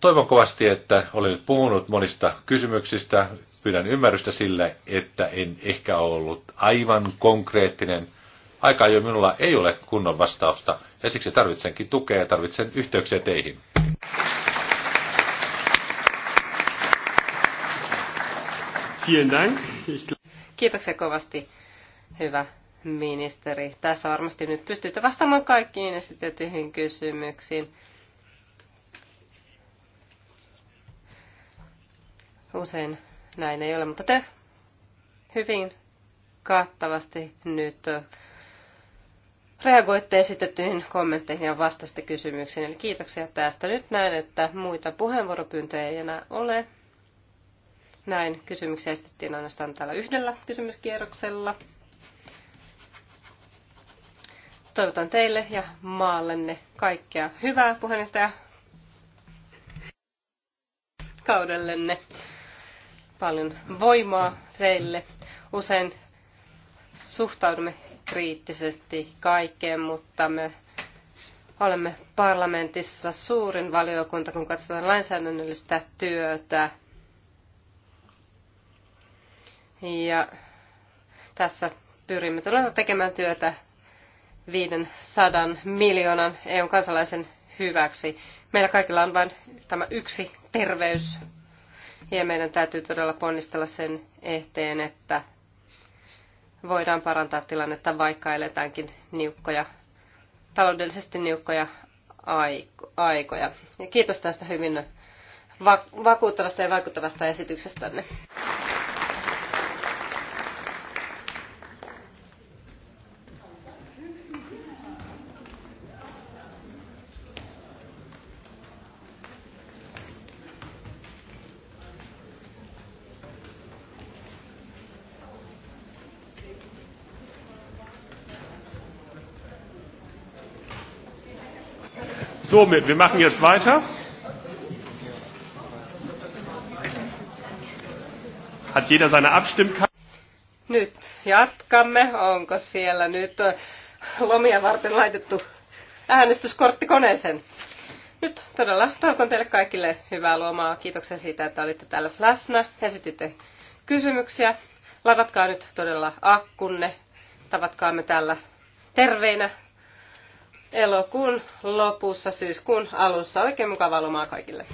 Toivon kovasti, että olen nyt puhunut monista kysymyksistä, pyydän ymmärrystä sille, että en ehkä ollut aivan konkreettinen. Aika jo minulla ei ole kunnon vastausta, ja siksi tarvitsenkin tukea ja tarvitsen yhteyksiä teihin. Kiitoksia kovasti, hyvä ministeri. Tässä varmasti nyt pystytte vastaamaan kaikkiin esitettyihin kysymyksiin. Usein näin ei ole, mutta te hyvin kattavasti nyt reagoitte esitettyihin kommentteihin ja vastasitte kysymyksiin. Eli kiitoksia tästä. Nyt näen, että muita puheenvuoropyyntöjä ei enää ole. Näin kysymyksiä esitettiin ainoastaan täällä yhdellä kysymyskierroksella. Toivotan teille ja maallenne kaikkea hyvää puheenjohtaja kaudellenne. Paljon voimaa teille. Usein suhtaudumme kriittisesti kaikkeen, mutta me olemme parlamentissa suurin valiokunta, kun katsotaan lainsäädännöllistä työtä. Ja tässä pyrimme todella tekemään työtä 500 miljoonan eu kansalaisen hyväksi. Meillä kaikilla on vain tämä yksi terveys ja meidän täytyy todella ponnistella sen ehteen, että voidaan parantaa tilannetta, vaikka eletäänkin niukkoja, taloudellisesti niukkoja aikoja. Ja kiitos tästä hyvin vakuuttavasta ja vaikuttavasta esityksestänne. Somit, wir machen jetzt weiter. Hat jeder seine Abstimmkarte? Nyt jatkamme. Onko siellä nyt äh, lomia varten laitettu äänestyskortti koneeseen? Nyt todella toivotan teille kaikille hyvää lomaa. Kiitoksia siitä, että olitte täällä läsnä. Esititte kysymyksiä. Ladatkaa nyt todella akkunne. Tavatkaamme täällä terveinä elokuun lopussa, syyskuun alussa. Oikein mukavaa lomaa kaikille.